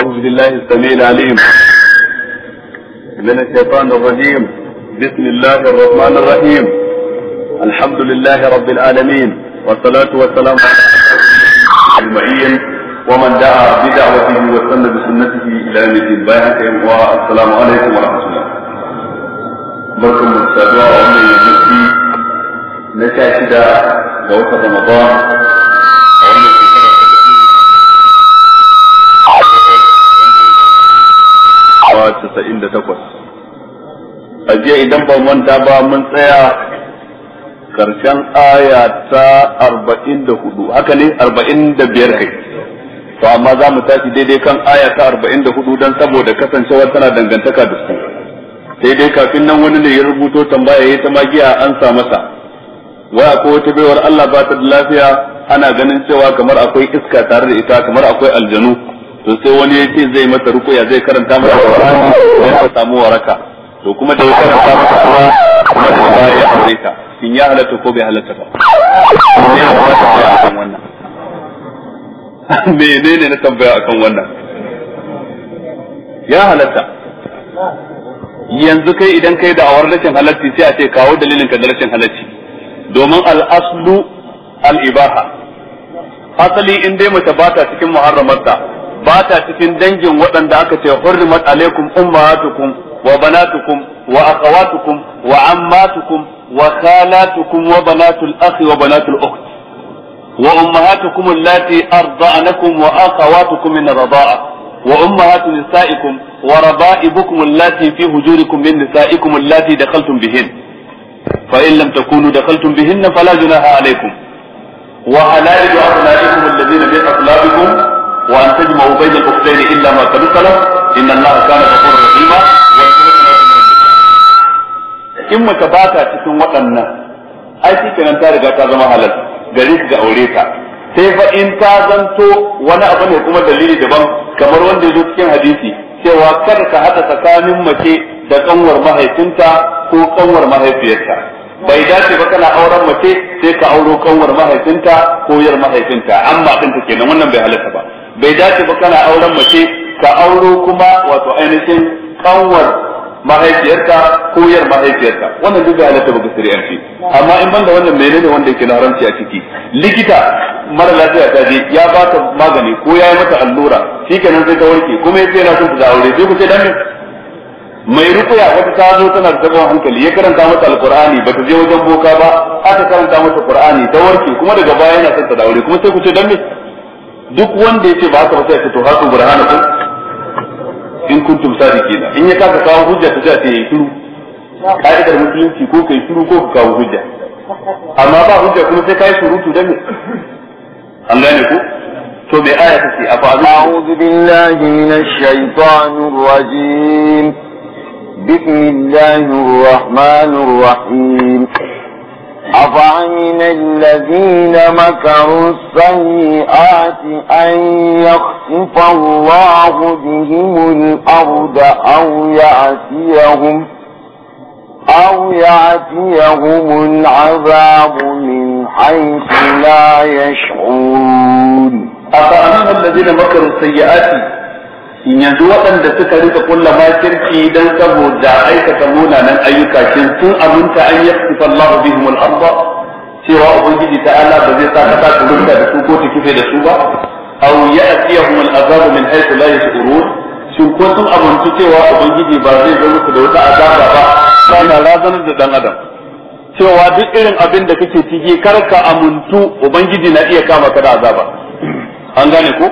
أعوذ بالله السميع العليم من الشيطان الرجيم بسم الله الرحمن الرحيم الحمد لله رب العالمين والصلاة والسلام على المعين ومن دعا بدعوته وسن بسنته إلى يوم الدين والسلام عليكم ورحمة الله بركم السابعة ومن يمسي نشاشد ga watan رمضان jiya idan ba manta ba mun tsaya karshen aya ta arba'in da hudu haka ne arba'in da biyar kai to amma za mu tashi daidai kan aya ta arba'in da hudu don saboda kasancewar tana dangantaka da su sai dai kafin nan wani ne ya rubuto tambaya ya ta magiya an sa masa waya ko wata baiwar Allah ba ta da lafiya ana ganin cewa kamar akwai iska tare da ita kamar akwai aljanu to sai wani ya ce zai mata rukuya zai karanta mata Qur'ani sai ta samu waraka to kuma da ya karanta masa kuma kuma ta ba ya aure ta shin ya halatta ko bai halatta ba ne ya kamata ta yi akan wannan ne na tambaya akan wannan ya halatta yanzu kai idan kai da'awar rashin halarci sai a ce kawo dalilin ka da rashin halarci domin al'aslu al'ibaha asali in dai mace ba ta cikin muharramarta ba ta cikin dangin waɗanda aka ce hurrimat alaikum ummahatukum وبناتكم وأخواتكم وعماتكم وخالاتكم وبنات الأخ وبنات الأخت وأمهاتكم اللاتي أرضعنكم وأخواتكم من الرضاعة وأمهات نسائكم وربائبكم اللاتي في هجوركم من نسائكم اللاتي دخلتم بهن فإن لم تكونوا دخلتم بهن فلا جناح عليكم وحلائل أبنائكم الذين من أصلابكم وأن تجمعوا بين الأختين إلا ما قد إن الله كان غفورا رحيما in mace ba ta cikin waɗannan ai shi kenan ta riga ta zama halal gari ga aure ta sai fa in ta zanto wani abu ne kuma dalili daban kamar wanda ya zo cikin hadisi cewa kada ka haɗa tsakanin mace da kanwar mahaifinta ko kanwar mahaifiyarta bai dace ba kana auren mace sai ka auro kanwar mahaifinta ko yar mahaifinta amma din ta kenan wannan bai halatta ba bai dace ba kana auren mace ka auro kuma wato ainihin kanwar mahaifiyarka ko yar mahaifiyarka wannan duk bai halatta ba siri shari'anci amma in banda wannan menene wanda yake na haramci a ciki likita mara lafiya ta je ya ba ta magani ko ya yi mata allura kenan sai ta warke kuma yace yana son ta aure sai ku ce dan mai rukuya wata ta zo tana da tabon hankali ya karanta mata alqur'ani bata je wajen boka ba aka karanta mata qur'ani ta warke kuma daga baya yana son ta aure kuma sai ku ce dan duk wanda yace ba haka wata sai to haka burhanakum in kuntum sadiqina in ya kaka kawo hujja ta ce yi shiru ka'idar musulunci ko kai shiru ko ka kawo hujja amma ba hujja kuma sai kai surutu da me an gane ku to me aya take a fa a'udhu billahi minash shaitanir rajim بسم الله الرحمن الرحيم أفعمن الذين مكروا السيئات أن يخسف الله بهم الأرض أو يأتيهم أو يأتيهم العذاب من حيث لا يشعرون أفعمن الذين مكروا السيئات yanzu waɗanda suka rika kulla makirci don saboda aikata munanan ayyuka shin sun aminta an yaqtifa Allahu bihim al-ardh cewa ubangiji ta ta'ala ba zai sa kasa ta rinka da su ko ta kife da su ba aw ya'tiyahum al-azab min haythu la yash'urun shin ko sun amintu cewa ubangiji ba zai zo musu da wata azaba ba kana razanar da dan adam cewa duk irin abin da kake ciki kar ka amuntu ubangiji na iya kama ka da azaba an gane ko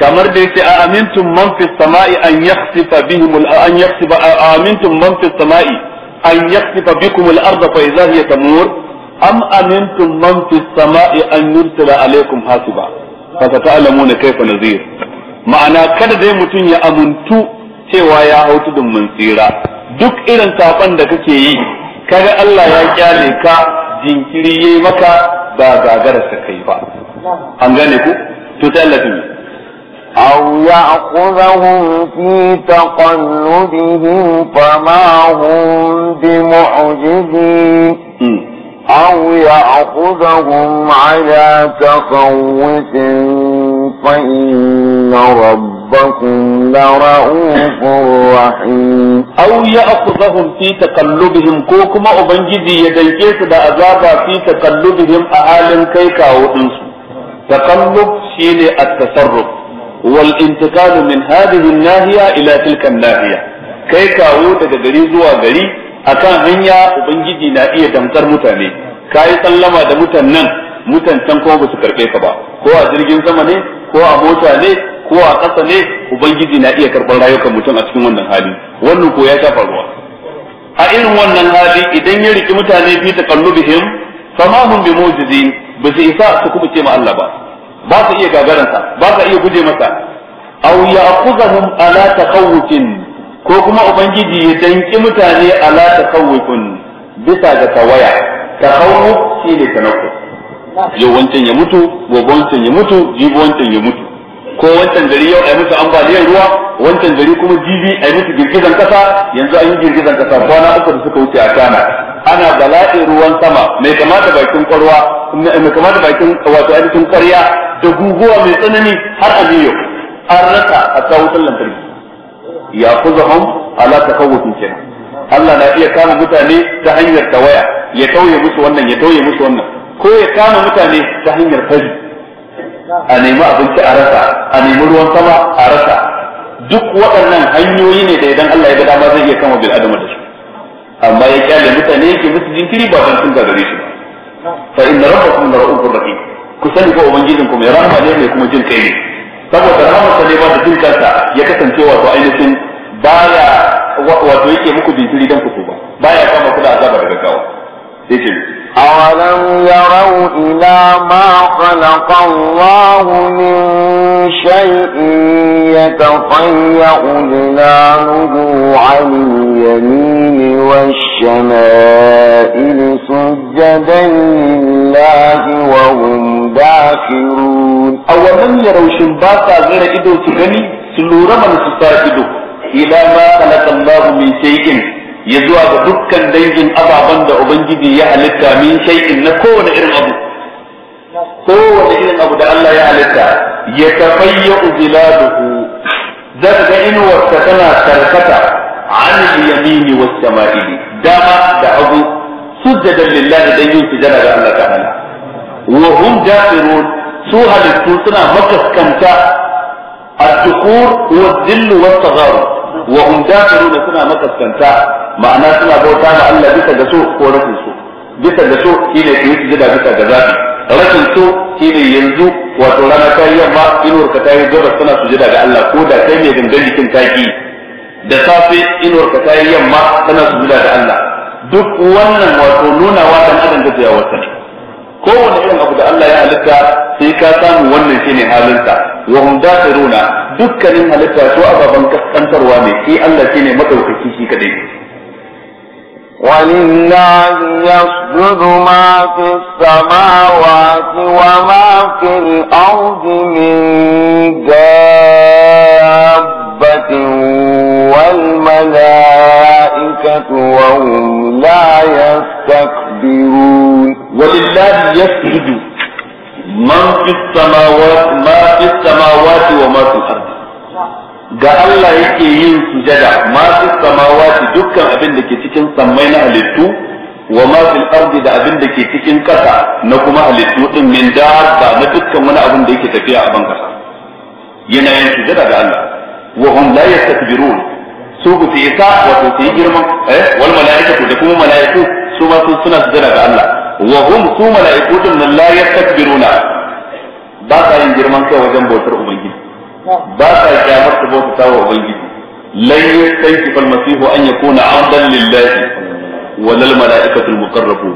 kamar da yace a amintun man fis sama'i an yakhsifa bihim an yakhsifa a amintum man fis sama'i an yakhsifa bikum al-ardha fa idha hiya tamur am amintum man fis sama'i an yursila alaykum hasiba fa ta'lamuna kayfa nadhir ma'ana kada dai mutun ya amuntu cewa ya hautu dun mun tsira duk irin saban da kake yi kaga Allah ya kyale ka jinkiri yayi maka ba gagara ka kai ba an gane ku to tallafi أو يأخذهم في تقلبهم فما هم بمعجزين أو يأخذهم على تخوف فإن ربكم لرؤوف رحيم أو يأخذهم في تقلبهم كوكما أبنجدي يديكيس بأذابا في تقلبهم أهالا كيكا وإنسو تقلب شيني التصرف والانتقال من nahiya. الناحية إلى تلك الناحية كي كاو تجدري زوا غري أكان هنيا وبنجي نائية دمتر متاني كاي سلما دمتنن da can ko ba su karɓe ka ba ko a jirgin sama ne ko a mota ne ko a ƙasa ne ubangiji na iya karɓar rayukan mutum a cikin wannan hali wannan ko ya shafa ruwa a irin wannan hali idan ya riki mutane fi taqallubihim fama hum bimujizin ba su isa su kuma ce ma Allah ba ba su iya gagaransa ba su iya guje masa aw ya'khudhahum ala takhawufin ko kuma ubangiji ya danki mutane ala takhawufin bisa ga tawaya takhawuf ne tanakku yau wancan ya mutu gobe wancan ya mutu jibi wancan ya mutu ko wancan gari yau ai musu ambaliyar ruwa wancan gari kuma jibi ai musu girgizan kasa yanzu an yi girgizan kasa kwana uku da suka wuce a kana ana bala'in ruwan sama mai kama da bakin kwarwa mai kama da bakin wato ainihin kwarya da guguwa mai tsanani har a biyo an rasa a tsawon wutar lantarki ya zahon ala takawufin kenan Allah na iya kama mutane ta hanyar tawaya ya tauye musu wannan ya tauye musu wannan ko ya kama mutane ta hanyar fari a nemi abinci a rasa a nemi ruwan sama a rasa duk waɗannan hanyoyi ne da idan Allah ya ga dama zai iya kama bil adama da su amma ya kyale mutane yake musu jinkiri ba dan sun gagare shi ba fa inna rabbakum ra'ufur rahim ku sani ko ubangijin ku mai rahama ne mai kuma jin kai ne saboda rahamarsa ne ba da jin kansa ya kasance wato ainihin baya wato yake muku jinkiri dan ku ba baya kama kula azaba da gaggawa أولم يروا إلى ما خلق الله من شيء يتطيأ جلاله عن اليمين والشمائل سجدا لله وهم داخلون أولم يروا شنباتا غير إدو تغني سلورة من سسار إلى ما خلق الله من شيء ya zuwa ga dukkan dangin ababen da ubangiji ya halitta min shay'in na kowane irin abu kowane irin abu da Allah ya halitta ya tafayya'u biladuhu za ga inuwarsa tana karkata an yamini was shama'ili dama da abu sujjadan lillahi dan da sujada ga Allah ta'ala wa hum dafirun su halittu suna makaskanta الذكور والذل والتغار وهم داخلون سنة مكسكنتا ma'ana suna bauta da Allah bisa ga so ko rashin so bisa ga so shine ku yi sujada bisa ga zafi rashin so shine yanzu wato rana ta yi yamma inuwar ka ta yi gabas tana sujada ga Allah ko da kai mai gangan jikin ta taki da safe inuwar ka ta yi yamma tana sujada ga Allah duk wannan wato nuna wa dan adam da ya wata ko kowane irin abu da Allah ya halitta sai ka samu wannan shine halinsa wa hum dafiruna dukkanin halitta su ababan kaskantarwa ne sai Allah shine madaukaki shi kadai ولله يسجد ما في السماوات وما في الأرض من دابة والملائكة وهم لا يستكبرون ولله يسجد من في السماوات ما في السماوات وما في الأرض ga Allah yake yin sujada ma fi samawati dukkan abin da ke cikin sammai na halittu wa masu fil ardi da abin da ke cikin kasa na kuma halittu din min dabba na dukkan wani abin da yake tafiya a ban kasa yana yin sujada ga Allah wa hum la yastakbirun su ku fi isa wato su yi girman eh wal malaikatu da kuma malaiku su ma suna sujada ga Allah wa hum su malaiku din la yastakbiruna ba sa yin girman kai wajen bautar ubangiji ba sa kyamar ta bauta ta wa ubangiji lan yastanki fal masihu an yakuna abdan lillahi wa lil malaikatu al muqarrabun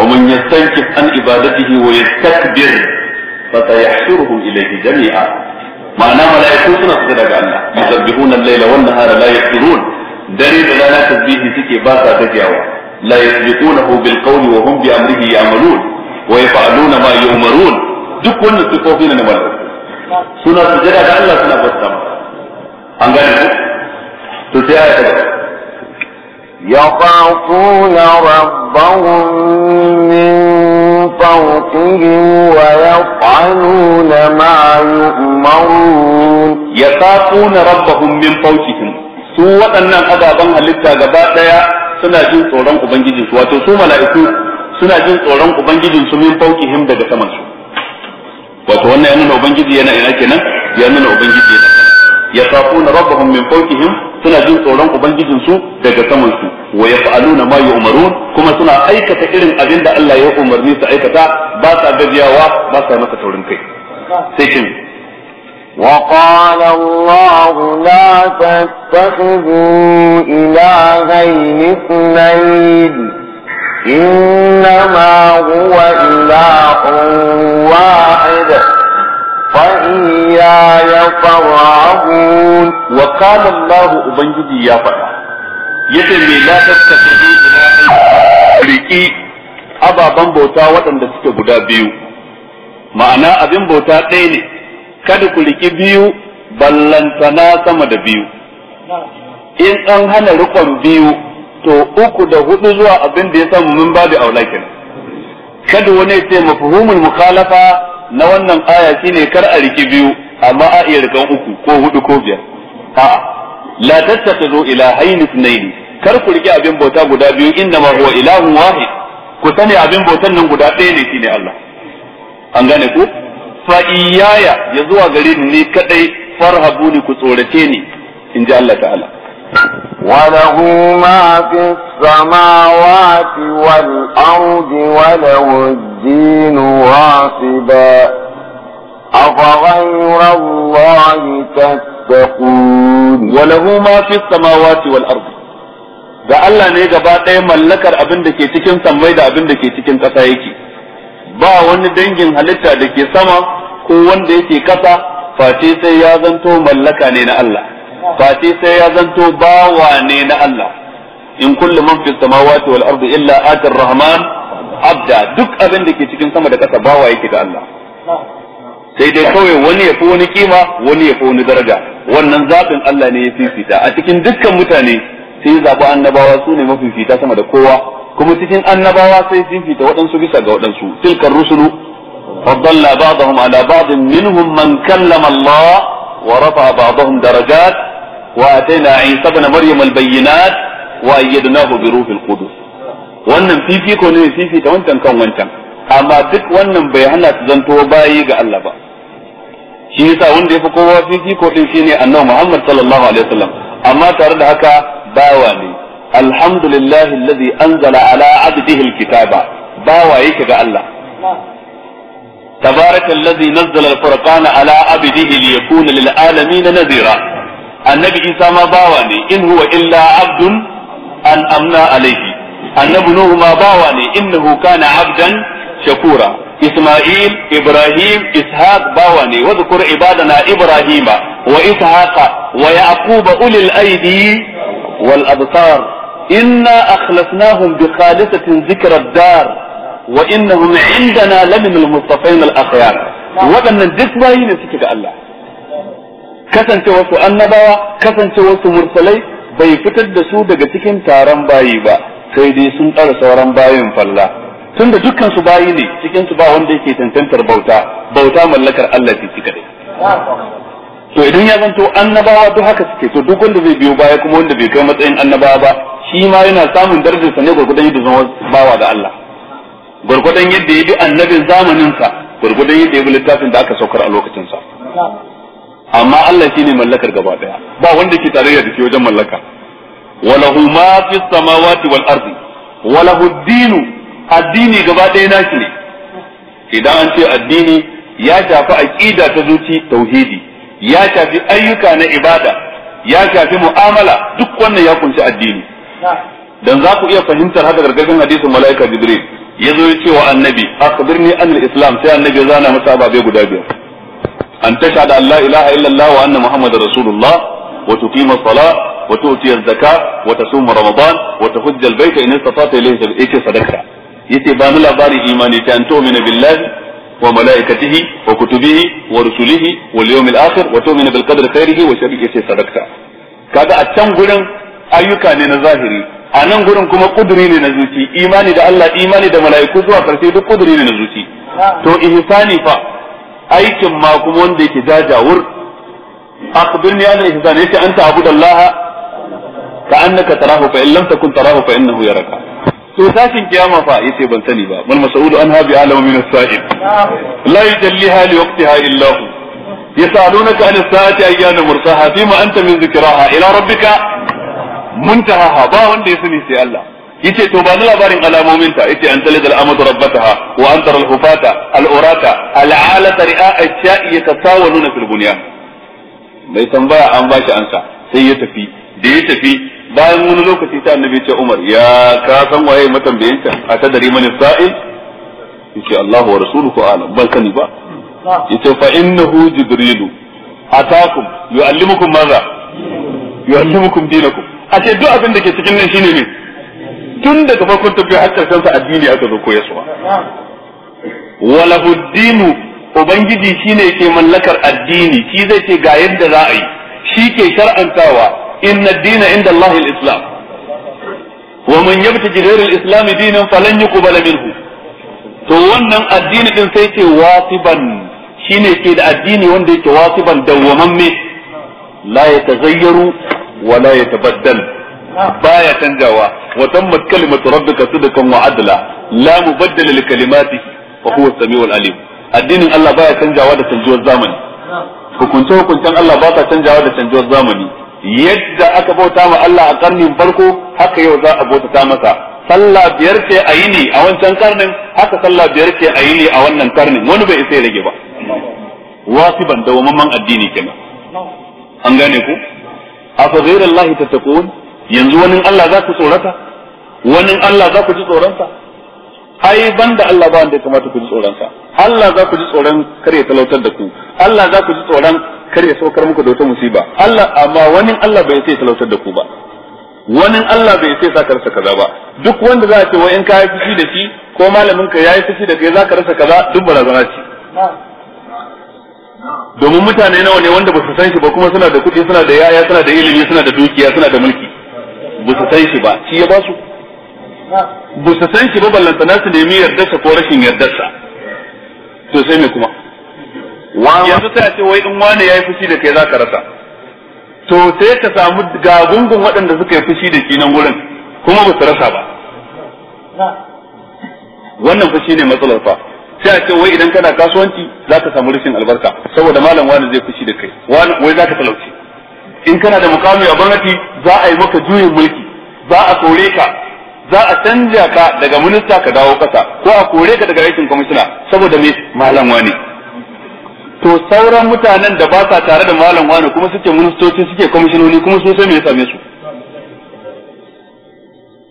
wa man yastanki an ibadatihi wa yastakbir fa sayahshuruhum ilayhi jami'a ma'ana malaiku suna su daga Allah yusabbihuna al-laila wan nahara la yaftirun dare da rana tasbihi suke ba sa gajiyawa la yasbiqunahu bil qawli wa hum bi amrihi ya'malun wa yaf'aluna ma yu'marun duk wannan sifofi ne na malaiku suna sujada da Allah suna bauta masa an gane ku to sai aya ta يخافون ربهم من فوقهم ويفعلون ما يؤمرون يخافون ربهم من فوقهم su waɗannan azaban halitta gaba ɗaya suna jin tsoron ubangijinsu wato su mala'iku suna jin tsoron ubangijinsu min fauqihim daga samansu wato wannan ya nuna ubangiji yana ina kenan ya nuna ubangiji yana ya na rabbahum min fawqihim suna jin tsoron ubangijin su daga saman su wa yaf'aluna ma yu'marun kuma suna aikata irin abin da Allah ya umarni su aikata ba sa gajiyawa ba sa masa taurin kai sai kin وقال الله لا تتخذوا إلهين اثنين إنما هو إله واحد فإياي فارهبون وقال الله أبنجدي يا فأنا يتمي لا تستطيع riƙi ababen bauta waɗanda suke guda biyu ma'ana abin bauta ɗaya ne kada ku riƙi biyu ballantana sama da biyu in an hana riƙon biyu to uku da hudu zuwa abin da ya samu min babu aula kenan kada wani ya ce mafhumul mukhalafa na wannan aya shine kar a riki biyu amma a iya rikan uku ko hudu ko biyar a'a la tattakhidhu ilahayn ithnayn kar ku riki abin bauta guda biyu inda ma huwa ilahun wahid ku sani abin bautan nan guda ɗaya ne shine Allah an gane ku fa iyaya ya zuwa gare ni kadai farhabuni ku tsorace ni in ji Allah ta'ala وله ما في السماوات والأرض وله الدين واصبا أفغير الله تتقون وله ما في السماوات والأرض da Allah ne gaba ɗaya mallakar abin da ke cikin sammai da abin da ke cikin ƙasa yake ba wani dangin halitta da ke sama ko wanda yake ƙasa face sai ya zanto mallaka ne na Allah fati sai ya zanto bawa ne na Allah in kulle man fi samawati wal ardi illa atir rahman abda duk abin da ke cikin sama da ƙasa bawa yake ga Allah sai dai kawai wani ya fi wani kima wani ya fi wani daraja wannan zaɓin Allah ne ya fifita a cikin dukkan mutane sai zaɓi annabawa su ne mafifita sama da kowa kuma cikin annabawa sai fifita waɗansu bisa ga waɗansu tilkar rusulu فضل بعضهم على بعض منهم من كلم الله ورفع بعضهم درجات واتينا عيسى ابن مريم البينات وايدناه بروح القدس wannan fifiko ne fifi ta wancan kan wancan amma duk wannan bai hana su zanto bayi ga Allah ba shi yasa wanda yafi kowa fifiko din shine annabi Muhammad sallallahu alaihi wasallam amma tare da haka bawa ne alhamdulillahi alladhi anzala ala abdihi alkitaba bawa yake ga Allah تبارك الذي نزل الفرقان على عبده ليكون للعالمين نذيرا annabi isa ma bawa ne in huwa illa abdun an amna alaihi annabi nuhu ma bawa ne innahu kana abdan shakura isma'il ibrahim ishaq bawa ne wa zkur ibadana ibrahima wa ishaqa wa yaqub ulil aidi wal absar inna akhlasnahum bi khalisatin dhikra dar wa innahum indana lamin al-mustafain al-akhyar wadannan duk bayi ne suke ga Allah Kasance su annabawa kasance su mursalai bai fitar da su daga cikin taron bayi ba sai dai sun ɗara sauran bayin falla tunda dukkan su bayi ne cikin su ba wanda yake tantantar bauta bauta mallakar Allah ce ci kadai to idan ya zanto annabawa duk haka suke to duk wanda zai biyo baya kuma wanda bai kai matsayin annabawa ba shi ma yana samun darajar sa ne gurgudan yadda zama bawa da Allah gurgudan yadda ya bi annabin zamanin sa gurgudan yadda ya bi littafin da aka saukar a lokacin sa amma Allah shi ne mallakar gaba daya ba wanda ke tarayya da ke wajen mallaka walahu ma fi samawati wal ardi walahu dinu addini gaba daya nashi ne idan an ce addini ya shafi aqida ta zuci tauhidi ya shafi ayyuka na ibada ya shafi mu'amala duk wannan ya kunshi addini dan za ku iya fahimtar haka gargajin hadisin mala'ika jibril ya zo ya ce wa annabi akhbirni anil islam sai annabi ya zana masa ababe guda biyar an tasha an la ilaha illallah wa anna muhammadar rasulullah wa tuqima as-salah wa tu'ti az wa tasum ramadan wa tahujja al-bayt in istata ilayhi yake sadaka yace ba ni labarin imani ta an tu'mina billahi وملائكته وكتبه ورسله واليوم الآخر وتؤمن بالقدر خيره وشره يتي صدقتا kaga a can gurin ayyuka ne na zahiri a nan gurin kuma kuduri ne na zuci imani da Allah imani da mala'iku zuwa karshe duk kuduri ne na zuci to ihsani fa aikin ma kuma wanda yake jajawur akhbirni an ihsan yace anta abudallaha ka annaka tarahu fa in lam takun tarahu fa innahu yaraka to tashin kiyama fa yace ban sani ba mal mas'ulu an habi alamu min as-sa'il la yujalliha li waqtiha illa hu yas'alunaka an as-sa'ati ayyana mursaha fima anta min dhikraha ila rabbika muntahaha ba wanda ya sani sai Allah yace to ba ni labarin alamomin ta yace an talid al-amatu rabbataha wa an tara al-hufata al-urata al-alata ri'a ash-sha'i yatasawaluna fil bunyan mai tambaya an bashi ansa sai ya tafi da ya tafi bayan wani lokaci ta annabi ce Umar ya ka san waye matambayin ta a tadari man sa'il yace Allah wa rasuluhu alam ban sani ba yace fa innahu jibrilu atakum yu'allimukum maza yu'allimukum dinakum a ce duk abin da ke cikin nan shine ne tun daga farkon tafiya har karshen sa addini aka zo su walahu dinu ubangiji shine ke mallakar addini shi zai ce ga yadda za a yi shi ke shar'antawa inna dina inda Allah islam wa man yabtaji ghayra al-islam dinan falan yuqbala minhu to wannan addini din sai ce wasiban shine ke da addini wanda yake wasiban dawwamamme la yatazayyaru wa la yatabaddal baya canjawa wa tammat kalimatu rabbika sidqan wa adla la mubaddala li kalimati wa huwa samiul alim addinin Allah baya canjawa da canjuwar zamani hukunce hukuncen Allah ba ta canjawa da canjuwar zamani yadda aka bauta ma Allah a karnin farko haka yau za a bauta masa sallah biyar ce a yi ne a wancan karnin haka sallah biyar ce a yi ne a wannan karnin wani bai isa ya rage ba wasiban dawamamman addini kenan an gane ku a fa ghairallahi tattaqun yanzu wani Allah za ku tsorata wani Allah za ku ji tsoronsa ai banda Allah ba wanda ya kamata ku ji tsoronsa Allah za ku ji tsoron kar ya talautar da ku Allah za ku ji tsoron kar ya saukar muku da wata musiba Allah amma wani Allah bai sai talautar da ku ba wani Allah bai sai sa rasa kaza ba duk wanda za a ce wai in ka yi fushi da shi ko malamin ka yayi fushi da kai za ka rasa kaza duk barazana ce domin mutane nawa ne wanda ba su san shi ba kuma suna da kuɗi suna da yaya suna da ilimi suna da dukiya suna da mulki busa san shi ba shi ya ba su ba su san shi ba na su nemi yardarsa ko rashin yardarsa to sai me kuma yanzu ta ce wai in wani ya yi fushi da kai za ka rasa to sai ka samu gagungun waɗanda suka yi fushi da shi nan wurin kuma ba su rasa ba wannan fushi ne matsalar fa sai a ce wai idan kana kasuwanci za ka samu rashin albarka saboda malam wani zai fushi da kai wai za ka talauci in kana da mukami a gwamnati za a yi maka juyin mulki za a kore ka za a canja ka daga minista ka dawo kasa ko a kore ka daga aikin kwamishina saboda me malam wani to sauran mutanen da ba sa tare da malam wani kuma suke ministoci suke kwamishinoni kuma sun san me ya same su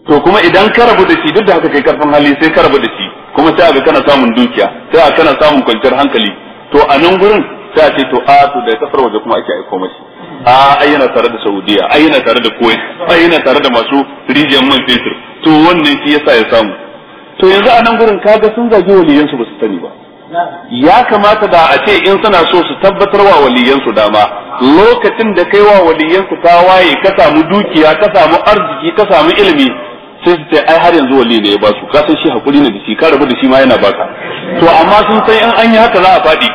to kuma idan ka rabu da shi duk da haka kai karfin hali sai ka rabu da shi kuma sai aga kana samun dukiya sai a kana samun kwanciyar hankali to a nan gurin sai a ce to a to da ya tafar waje kuma ake aiko mashi a ayyana tare da Saudiya ayyana tare da Kuwait ayyana tare da masu rijiyar man fetur to wannan shi yasa ya samu to yanzu a nan gurin kaga sun zage waliyansu ba su sani ba ya kamata da a ce in suna so su tabbatar wa waliyansu dama lokacin da kai wa waliyansu ta waye ka samu dukiya ka samu arziki ka samu ilimi sai su ce ai har yanzu wali ne ya ba su ka san shi hakuri ne da shi ka rabu da shi ma yana baka to amma sun san in an yi haka za a faɗi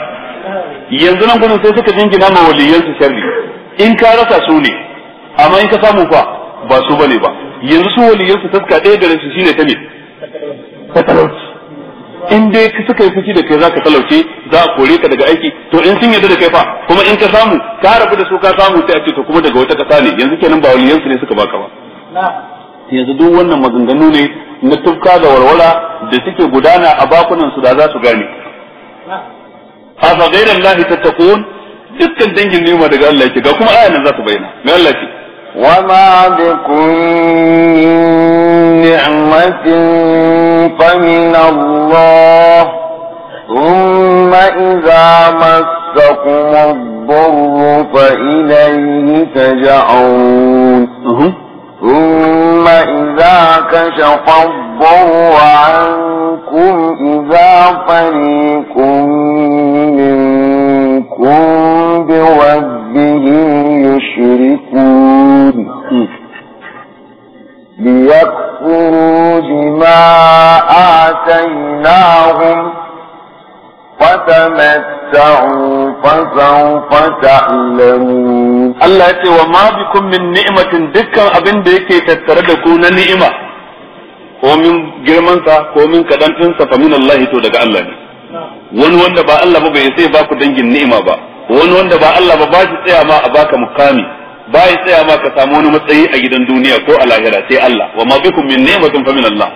yanzu nan gudun sai suka jingina ma waliyansu sharri in ka rasa su ne amma in ka samu fa ba su bane ba yanzu su waliyan su taska ɗaya da su shine ta ne in dai suka yi fushi da kai zaka talauce za a kore ka daga aiki to in sun yarda da kai fa kuma in ka samu ka rabu da su ka samu sai a ce to kuma daga wata kasa ne yanzu kenan ba waliyan su ne suka baka ba yanzu duk wannan maganganu ne na tufka da warwara da suke gudana a bakunan su da za su gane afa ghayra allahi tattaqun dukkan dangin nema daga Allah yake ga kuma aya nan za ta bayyana me Allah yake wa ma bikum ni'matin fa min Allah thumma idza massakum ad-darru fa ilayhi taj'un ثم إذا كشف الضر عنكم إذا فريق من Kunguwar biyun Allah ya ce wa mabi ko min ni'imatin dukkan abin da yake tattare daku na ni'ima ko min girmansa ko min kaɗan, in fa munallahi to daga Allah ni. wani wanda ba Allah ba bai sai baku dangin ni'ima ba wani wanda ba Allah ba ba shi tsaya ma a baka mukami ba ya tsaya ma ka samu wani matsayi a gidan duniya ko a lahira sai Allah wa ma bikum min ni'matin fa min Allah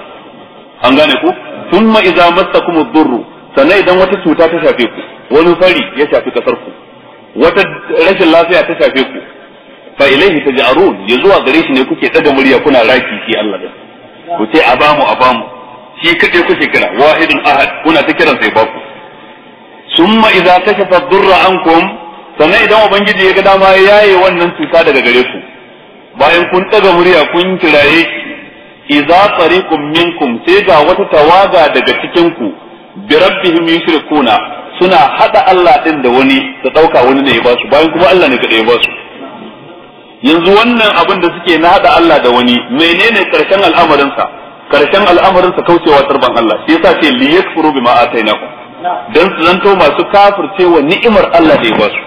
an gane ku thumma idza massakum ad-durr sannan idan wata cuta ta shafe ku wani fari ya shafi kasar ku wata rashin lafiya ta shafe ku fa ilaihi taj'arun ya zuwa gare shi ne kuke daga murya kuna raki shi Allah da ku sai abamu abamu shi kaɗai kuke kira wahidun ahad kuna ta kiran sai baku summa idza kashafa durra ankum sannan idan ubangiji ya ga dama ya yaye wannan cuta daga gare ku bayan kun daga murya kun kiraye idza tariqum minkum sai ga wata tawaga daga cikin ku bi rabbihim yushrikuna suna hada Allah din da wani da dauka wani ne ya basu bayan kuma Allah ne kada ya basu yanzu wannan abin da suke na hada Allah da wani menene karshen al'amarin sa karshen al'amarin sa kaucewa tarban Allah sai yasa ce li yakfuru bima atainakum dan su zanto masu kafirce wa ni'imar Allah da ya ba su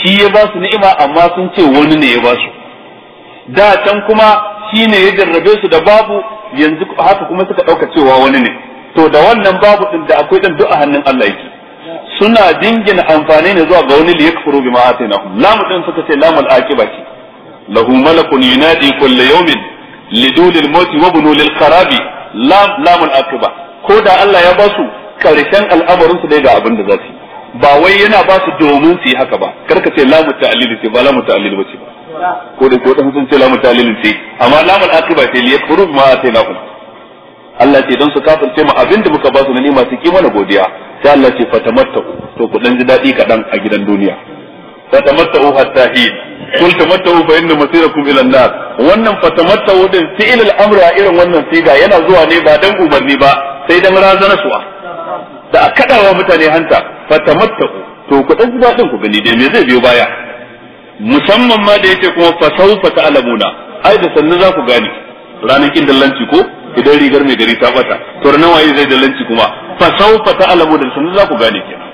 shi ya ba su ni'ima amma sun ce wani ne ya ba su da can kuma shi ne ya jarrabe su da babu yanzu haka kuma suka ɗauka cewa wani ne to da wannan babu din da akwai din duk a hannun Allah yake suna dingina amfani ne zuwa ga wani li yakfuru bima lamu din suka ce lamu aqiba ce lahu malakun yunadi kullu yawmin Lidulil al wa bunul kharabi lamul ko da Allah ya basu karshen al'amarin su ga abin da za su ba wai yana ba su domin su yi haka ba karka ce lamu ta'lil ce ba lamu ta'lil ba ce ba ko da ko dan sun ce lamu ta'lil ce amma lamul akiba ce li yakfuru ma atainakum Allah ce don su kafirce mu abin da muka ba su na nima su ki mana godiya sai Allah ce fatamattau to ku dan ji dadi kadan a gidan duniya fatamattau hatta hin kul tamattau fa inna masirakum ila an-nar wannan fatamattau din fi'il al-amr a irin wannan siga yana zuwa ne ba dan umarni ba sai dan razana su'a da a kadawa mutane hanta fatamattaku to ku dan ji din ku gani dai me zai biyo baya musamman ma da yake kuma fasawfa ta'lamuna ai da sannu za ku gane ranar kin dallanci ko idan rigar mai gari ta bata to ranar waye zai dallanci kuma fasawfa ta'lamuna da sannu za ku gane kenan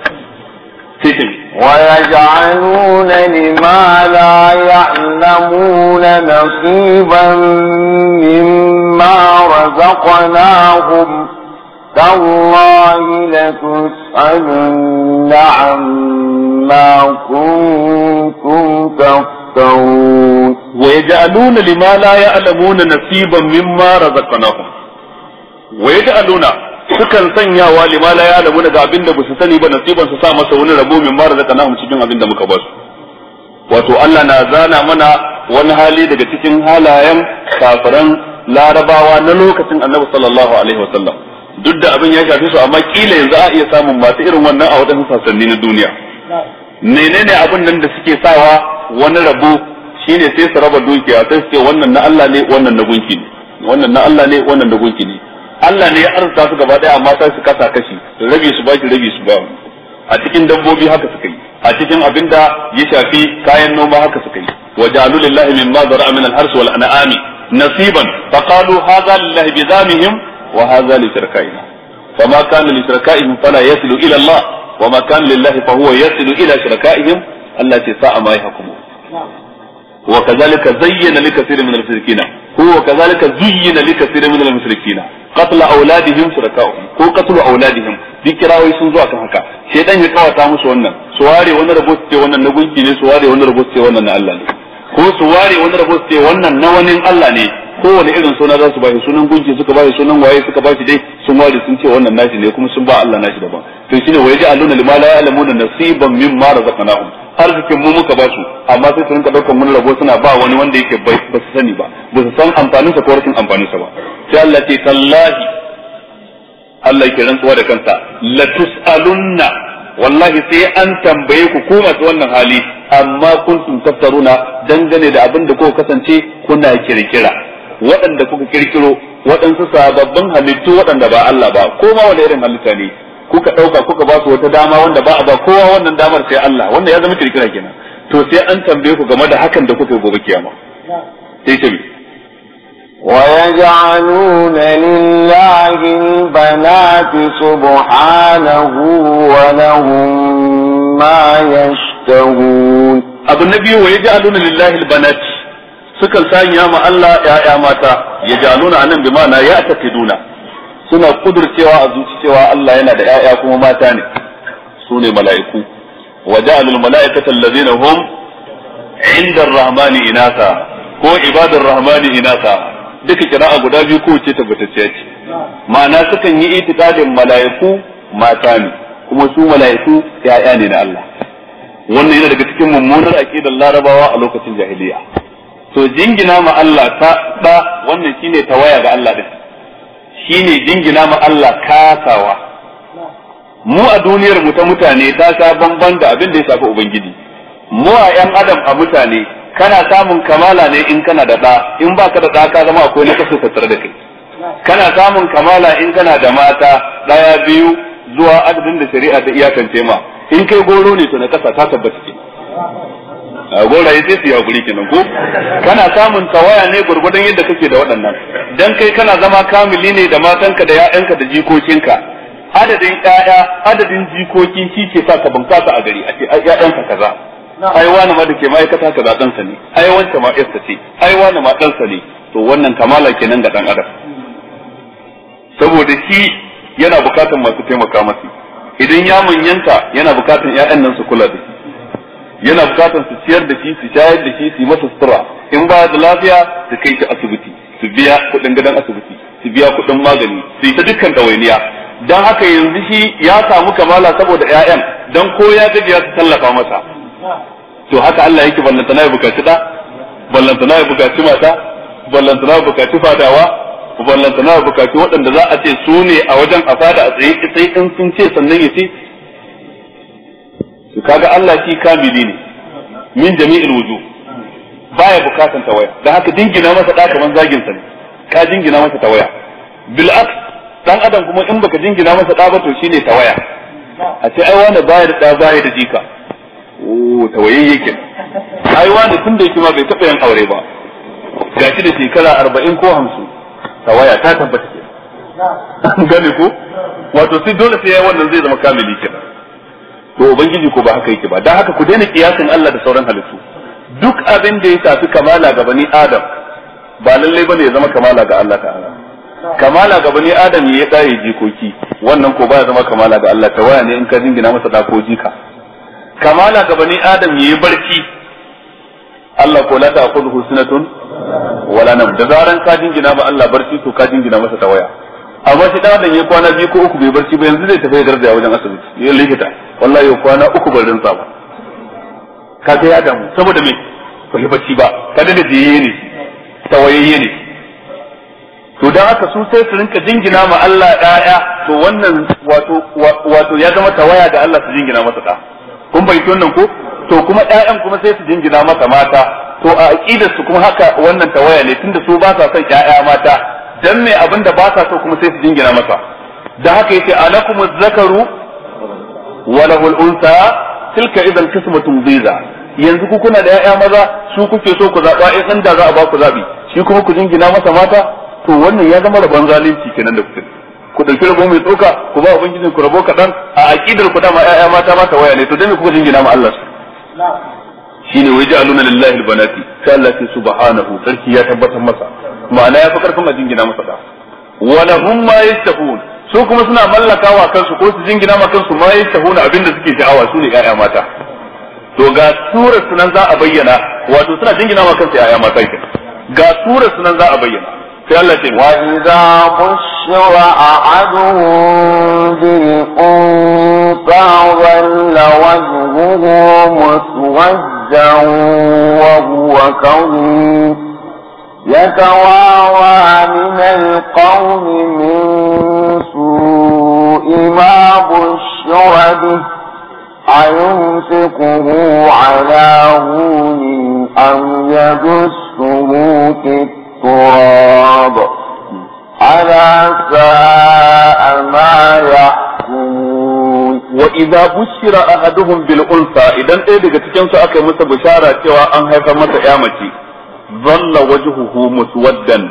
ويجعلون لما لا يعلمون نصيبا مما رزقناهم تالله لتسألن عما كنتم تفترون ويجعلون لما لا يعلمون نصيبا مما رزقناهم ويجعلون sukan sanyawa lima la ya lamuna ga abinda ba su sani ba nasiban su sa masa wani rabo min ma razaqnahum cikin abinda muka ba su wato Allah na zana mana wani hali daga cikin halayen kafiran larabawa na lokacin Annabi sallallahu alaihi wasallam duk da abin ya shafi su amma kila yanzu a iya samun masu irin wannan a wadannan sassanni na duniya menene abin nan da suke sawa wani rabo shine sai su raba dukiya sai su ce wannan na Allah ne wannan na gunki ne wannan na Allah ne wannan na gunki ne Allah ne ya arzuta su gaba daya amma sai su kasa kashi rabi su baki rabi su ba a cikin dabbobi haka suka yi a cikin abinda ya shafi kayan noma haka suka yi wa ja'alu lillahi mimma zara'a min al-hars wal an'ami nasiban faqalu hadha lillahi bizamihim wa hadha li shirkaina fama kana li shirkaihim fala yasilu ila Allah wa ma kana fa huwa yasilu ila shirkaihim Allah ce sa'a ma yahkumu wa kadhalika zayyana li kathirin قتل اولادهم شركاؤهم ko قتل اولادهم dikirawoyi sun zo akan haka shedan ya kawata musu wannan su ware wani rabo wannan na gunki ne su ware wannan wannan na Allah ne kowane irin suna za su bashi sunan gunki suka bashi sunan waye suka bashi dai sun ware sun ce wannan nashi ne kuma sun ba Allah nashi daban to shine waye ji alluna lima la ya'lamuna nasiban mimma razaqnahum arzikin mu muka basu amma sai su rinka daukan mun rabo suna ba wani wanda yake ba su sani ba ba su san amfanin sa ko rashin amfanin sa ba sai Allah ce tallahi Allah ke rantsuwa da kansa latus'alunna wallahi sai an tambaye ku ku masu wannan hali amma kun taftaruna dangane da abin da kuka kasance kuna kirkira waɗanda kuka kirkiro waɗansu sababbin halittu waɗanda ba Allah ba ko ma wani irin halitta ne kuka ɗauka kuka ba su wata dama wanda ba a ba kowa wannan damar sai Allah wannan ya zama kirkira kenan to sai an tambaye ku game da hakan da kuka gobe kiyama sai ce ويجعلون لله البنات سبحانه ولهم ما يشتهون أبو النبي ويجعلون لله البنات sukan sanya ma Allah ya'ya mata ya jaluna anan bi ma'ana ya taqiduna suna kudurcewa a zuci cewa Allah yana da ya'ya kuma mata ne su ne mala'iku wa ja'alul mala'ikata allazina hum inda ar-rahmani inasa ko ibadar rahmani inasa duka a guda biyu ko ce tabbatacciya ce ma'ana sukan yi itikadin mala'iku mata ne kuma su mala'iku ya'ya ne na Allah wannan yana daga cikin mummunar aqidar larabawa a lokacin jahiliya to jingina ma Allah ta da wannan shine tawaya ga Allah din shine jingina ma Allah kasawa mu a duniyar mu ta mutane ta sa bamban da abin da ya shafi ubangiji mu a yan adam a mutane kana samun kamala ne in kana da da in ba ka da da ka zama akwai na kasu tattare da kai kana samun kamala in kana da mata daya biyu zuwa adadin da shari'a ta iyakance ma in kai goro ne to na kasa ta tabbata goraye sai su yi hakuri kenan ko kana samun tawaya ne gurgurdan yadda kake da waɗannan dan kai kana zama kamili ne da matanka da ƴaƴanka da jikokinka adadin ƴaƴa adadin jikoki shi ke sa ka bunƙasa a gari a ce ƴaƴanka kaza ai wani ma da ke ma'aikata kaza ɗansa ne ai wancan ma ƴarsa ce ai wani ma ɗansa ne to wannan kamala kenan ga ɗan adam saboda shi yana bukatan masu taimaka masa idan ya manyanta yana bukatan ƴaƴan nan su kula da shi yana bukatar su ciyar da shi su shayar da shi su yi masa sutura in ba da lafiya su kai shi asibiti su biya kuɗin gidan asibiti su biya kuɗin magani su yi ta dukkan ɗawainiya don haka yanzu shi ya samu kamala saboda 'ya'yan don ko ya gaji ya tallafa masa to haka Allah yake ballantana ya bukaci da ballantana ya bukaci mata ballantana ya bukaci fadawa ballantana ya bukaci waɗanda za a ce su ne a wajen a fada a tsaye sai in sun ce sannan ya ce kaga Allah shi kamili ne min jami'il wujuh baya bukatan tawaya dan haka dingina masa da kaman zagin sa ne ka dingina masa tawaya bil aks dan adam kuma in baka dingina masa da ba to shine tawaya a ce ai wani baya da da baya da jika oh tawaye yake ai wani tun da yake ma bai taba yin aure ba gashi da shekara 40 ko 50 tawaya ta tabbata ke gane ko wato sai dole sai yayi wannan zai zama kamili kin to ubangiji ko ba haka yake ba dan haka ku daina kiyasin Allah da sauran halittu duk abin da ya tafi kamala ga bani adam ba lalle bane ya zama kamala ga Allah ta'ala kamala ga bani adam ya tsaye jikoki wannan ko ba ya zama kamala ga Allah waya ne in ka jingina masa da ko jika kamala ga bani adam ya yi barci Allah ko la ta'khudhu sunatun wala nam da zaran ka jingina ma Allah barci to ka jingina masa ta waya. amma shi dan ya kwana biyu ko uku bai barci ba yanzu zai tafi ya garzaya wajen asibiti ya likita wallahi ya kwana uku bai rinsa ba ka ga ya damu saboda me bai barci ba ka da yayi ne tawayayye ne to dan haka su sai su rinka jingina ma Allah ɗaya to wannan wato wato ya zama tawaya da Allah su jingina masa da kun bai wannan ko to kuma ɗayan kuma sai su jingina masa mata to a aqidar su kuma haka wannan tawaya ne tunda su ba sa son ƴaƴa mata dan me abin da ba sa so kuma sai su jingina masa da haka yace alakumuz zakaru wa lahul unsa tilka idan qismatun biza yanzu ku kuna da yaya maza su kuke so ku zaba in inda za a ba ku zabi shi kuma ku jingina masa mata to wannan ya zama rabon zalunci kenan da ku ku dauki rabo mai tsoka ku ba ubangijin ku rabo kadan a aqidar ku dama ƴaƴa mata mata waya ne to dan ku jingina ma Allah Shi shine waja'aluna lillahi albanati sai Allah subhanahu sarki ya tabbatar masa ma'ana ya fi karfin a jingina masa da hum ma yastahun su kuma suna mallaka wa kansu ko su jingina ma kansu ma yastahun abinda suke sha'awa su ne ƴaƴa mata to ga surar sunan za a bayyana wato suna jingina ma kansu ƴaƴa mata ke ga surar sunan za a bayyana sai Allah ce wa idza bushira ahaduhum bil unsa walla wajhuhu muswajjan wa huwa kawin يتواوى من القوم من سوء ما بشر به أيمسكه على هون أم يدسه في التراب ألا ساء ما يحكمون وإذا بشر أحدهم بالأنثى إذا إيه daga cikin su aka masa bishara cewa an zalla wajhuhu muswaddan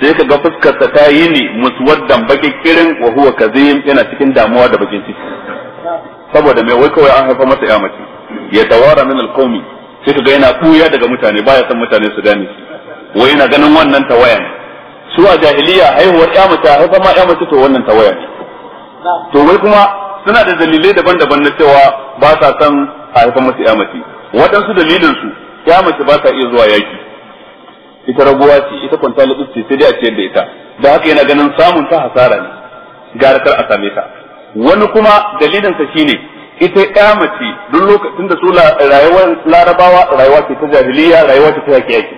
sai kaga fuskar sa ta yi ne muswaddan bakin kirin wa huwa kazim yana cikin damuwa da bakin ciki saboda mai wai kawai an haifa masa ya mace ya tawara min alqawmi sai kaga yana kuya daga mutane baya san mutane su gane wai yana ganin wannan tawaya ne su a jahiliya haihuwar ya mace haifa ma ya mace to wannan tawaya ne to wai kuma suna da dalilai daban-daban na cewa ba sa san a haifa masa ya mace waɗansu dalilinsu ya mace ba sa iya zuwa yaki ita raguwa ce ita kwanta lubus ce sai dai a ciyar da ita da haka yana ganin samun ta hasara ne gara kar a same ta wani kuma dalilin sa shine ita ya mace duk lokacin da su rayuwar larabawa rayuwa ce ta jahiliya rayuwa ce ta yaƙi yaƙi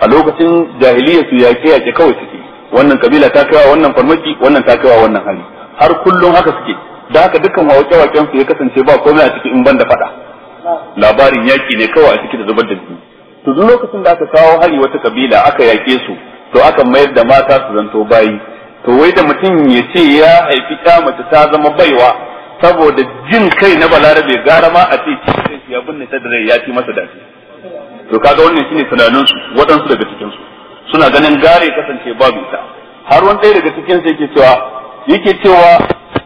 a lokacin jahiliya su yaƙi yaƙi kawai suke wannan kabila ta kaiwa wannan farmaki wannan ta kaiwa wannan hali har kullum haka suke da haka dukkan wawake waƙen su ya kasance ba komai a ciki in ban da faɗa labarin yaƙi ne kawai a ciki da zubar da jini to duk lokacin da aka kawo hari wata kabila aka yake su to aka mayar da mata su zanto bayi to wai da mutum ya ce ya haifi ta mace ta zama baiwa saboda jin kai na balarabe gara ma a ce cikin ya binne ta da rai ya ci masa dace to kaga wannan shine tunanin su waɗansu daga cikin su suna ganin gare kasance babu ita har wani ɗaya daga cikin su yake cewa yake cewa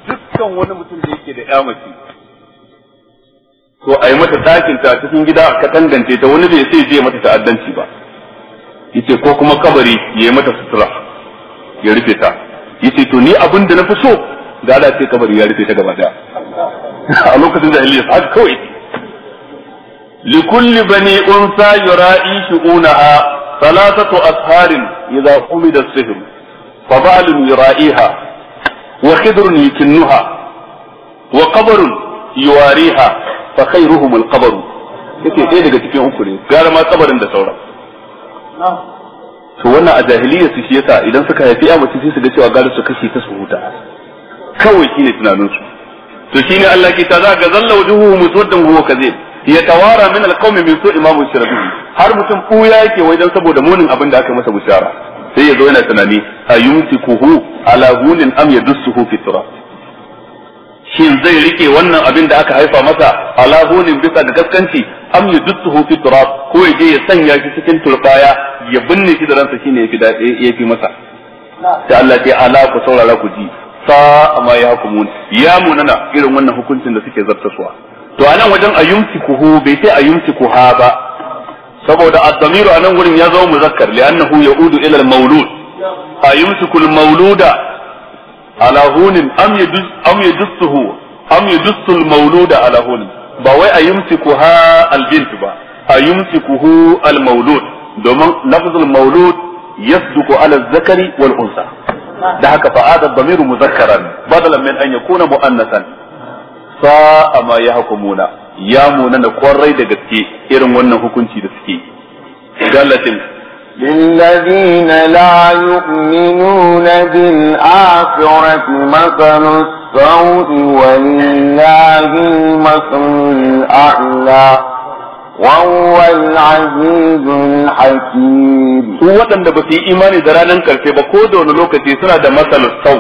dukkan wani mutum da yake da ya mace to a yi mata ɗakin ta cikin gida ka tangance ta wani bai sai je mata ta'addanci ba yace ko kuma kabari ya yi mata sutura ya rufe ta yace to ni abin da na fi so ga Allah sai kabari ya rufe ta gaba daya a lokacin da jahiliya haka kawai Bani لكل بني أنثى يرائي شؤونها ثلاثة أسهار إذا حمد السهم wa يرائيها وخدر wa وقبر يواريها fa khairuhum al-qabr Yake ɗaya daga cikin uku ne gara ma kabarin da sauran to wannan a jahiliyyar su shi yasa idan suka haifi ya mace sai su ga cewa gara su kashe ta su huta kawai shine tunanin su to shine Allah ke ta za ga zalla wujuhu musuddan huwa kaze. ya tawara min al mai min su'i ma bushira har mutum buya yake wajen saboda munin abin da aka masa bushara sai ya zo yana tunani ayumsikuhu ala hunin am yadussuhu fi turab shin zai rike wannan abin da aka haifa masa ala bisa ga gaskanci am yudduhu fi turab ko yaje ya sanya shi cikin turbaya ya binne shi da ransa shine yafi fi yafi masa da Allah ya ala ku saurara ku ji sa amma ya hukumun ya munana irin wannan hukuncin da suke zartaswa to anan wajen ayumsikuhu bai sai ayumsikuha ba saboda ad-damiru anan gurin ya zama muzakkar li'annahu yaudu ila al-mawlud ayumsikul mawluda ala hunin am yadus am yadussuhu am yadussul mawluda ala hunin ba wai ayumsikuha albint ba ayumsikuhu almawlud domin lafzul mawlud yasduqu ala zakari wal unsa da haka fa'ada damiru muzakkaran badalan min an yakuna muannasan sa'a ma muna. ya munana kwarai da gaske irin wannan hukunci da suke gallatin للذين لا يؤمنون بالآخرة مثل السوء ولله المثل الأعلى وهو العزيز الحكيم su waɗanda ba su yi imani da ranar karfe ba ko da wani lokaci suna da matsalar sau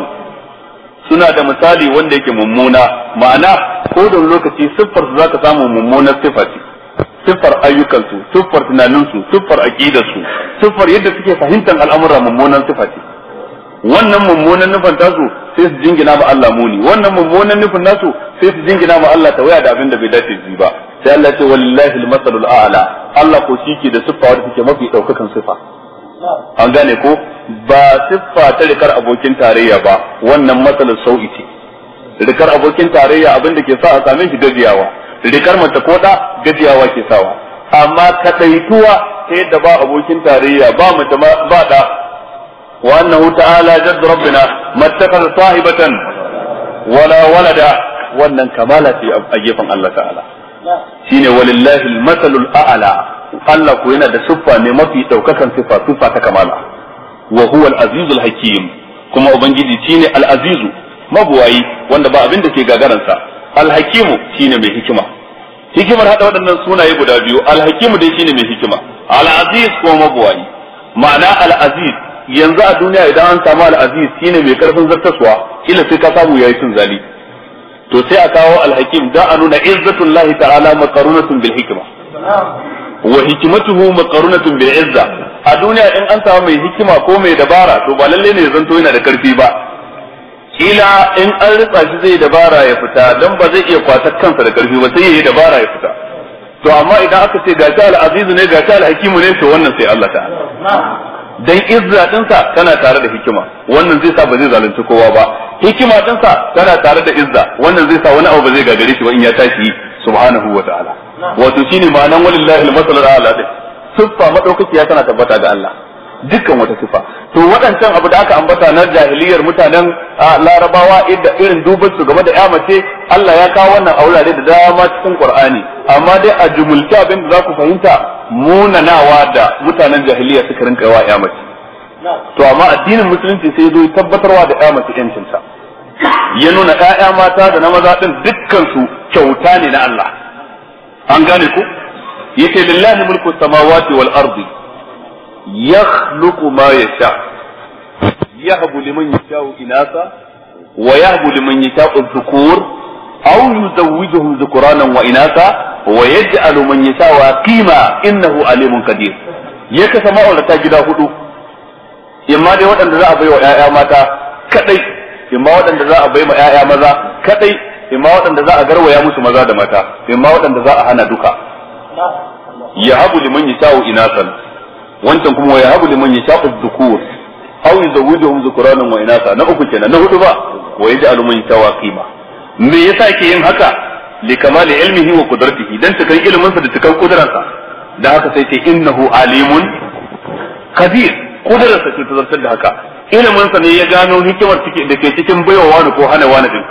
suna da misali wanda yake mummuna ma'ana ko da wani lokaci siffar su za ka samu mummunar siffa siffar ayyukansu siffar tunaninsu siffar aqidarsu siffar yadda suke fahimtar al'amura mummunan sifa ce wannan mummunan nufin tasu sai su jingina ba Allah muni wannan mummunan nufin nasu sai su jingina ba Allah ta waya da abin da bai dace ji ba sai Allah ce wallahi al-masalul a'la Allah ko shike da siffa wadda take mafi daukakan siffa an gane ko ba siffa ta rikar abokin tarayya ba wannan matsalar sau'i ce rikar abokin tarayya abin da ke sa a same shi gajiyawa rikar mace ko da gajiyawa ke sawa amma kadaituwa ta yadda ba abokin tarayya ba mace ba da wa annahu ta'ala jadd rabbina mattakhadha sahibatan wala walada wannan kamala ce a gefen Allah ta'ala shine walillahi al a'la Allah ko yana da siffa ne mafi daukakan siffa siffa ta kamala wa huwa al-azizul hakim kuma ubangiji shine al-azizu mabuwayi wanda ba abin da ke gagaransa al-hakimu shine mai hikima hikimar hada waɗannan sunaye guda biyu alhakimu dai shine mai hikima al-aziz ko mabuwayi ma'ana al-aziz yanzu a duniya idan an samu al-aziz shine mai karfin zartaswa kila sai ka samu yayi cin zali to sai a kawo al-hakim da a nuna izzatullahi ta'ala maqarunatun bil hikma wa hikmatuhu maqarunatun bil izza a duniya in an samu mai hikima ko mai dabara to ba lalle ne zanto yana da karfi ba ila in an ritsa shi zai dabara ya fita dan ba zai iya kwatar kansa da karfi ba sai yi dabara ya fita to amma idan aka ce gata al ne gata al ne to wannan sai Allah ta'ala dan izza dinsa tana tare da hikima wannan zai sa ba zai zalunci kowa ba hikima dinsa tana tare da izza wannan zai sa wani abu ba zai gagare shi ba in ya tashi subhanahu wa ta'ala wato shine ma'anan walillahi al-masal al-a'la madaukaki ya tana tabbata ga Allah dukkan wata sifa to waɗancan abu da aka ambata na jahiliyar mutanen larabawa idda irin duban su game da ya mace Allah ya kawo wannan aulare da dama cikin Qur'ani amma dai a jumulta abin da za ku fahimta munanawa da mutanen jahiliya suka rinka yawa ya mace to amma addinin musulunci sai zo tabbatarwa da ya mace yancin sa ya nuna ƴaƴa mata da na maza din dukkan su kyauta ne na Allah an gane ku yace lillahi mulku samawati wal ardi yakhluqu ma yasha yahbu liman yasha'u inasa wa yahbu liman yasha'u dhukur aw yuzawwijuhum dhukuranan wa inasa wa yaj'alu man yasha'u qima innahu alimun qadir ya kasa ma'aurata gida hudu imma dai waɗanda za a bai wa ƴaƴa mata kadai imma waɗanda za a bai ma ƴaƴa maza kadai imma waɗanda za a garwaya musu maza da mata imma waɗanda za a hana duka ya habu liman yasha'u inasan wancan kuma wa yahabu liman yashaqu dhukur aw yuzawwiduhum dhukranan wa inatha na uku kenan na hudu ba wa yaj'alu man tawaqima me yasa ke yin haka li kamali ilmihi wa qudratihi dan kai ilmin sa da ta kudran sa dan haka sai ce innahu alimun kabir kudararsa ce ta zartar da haka ilmin sa ne ya gano hikimar da ke cikin baiwa wani ko hana wani din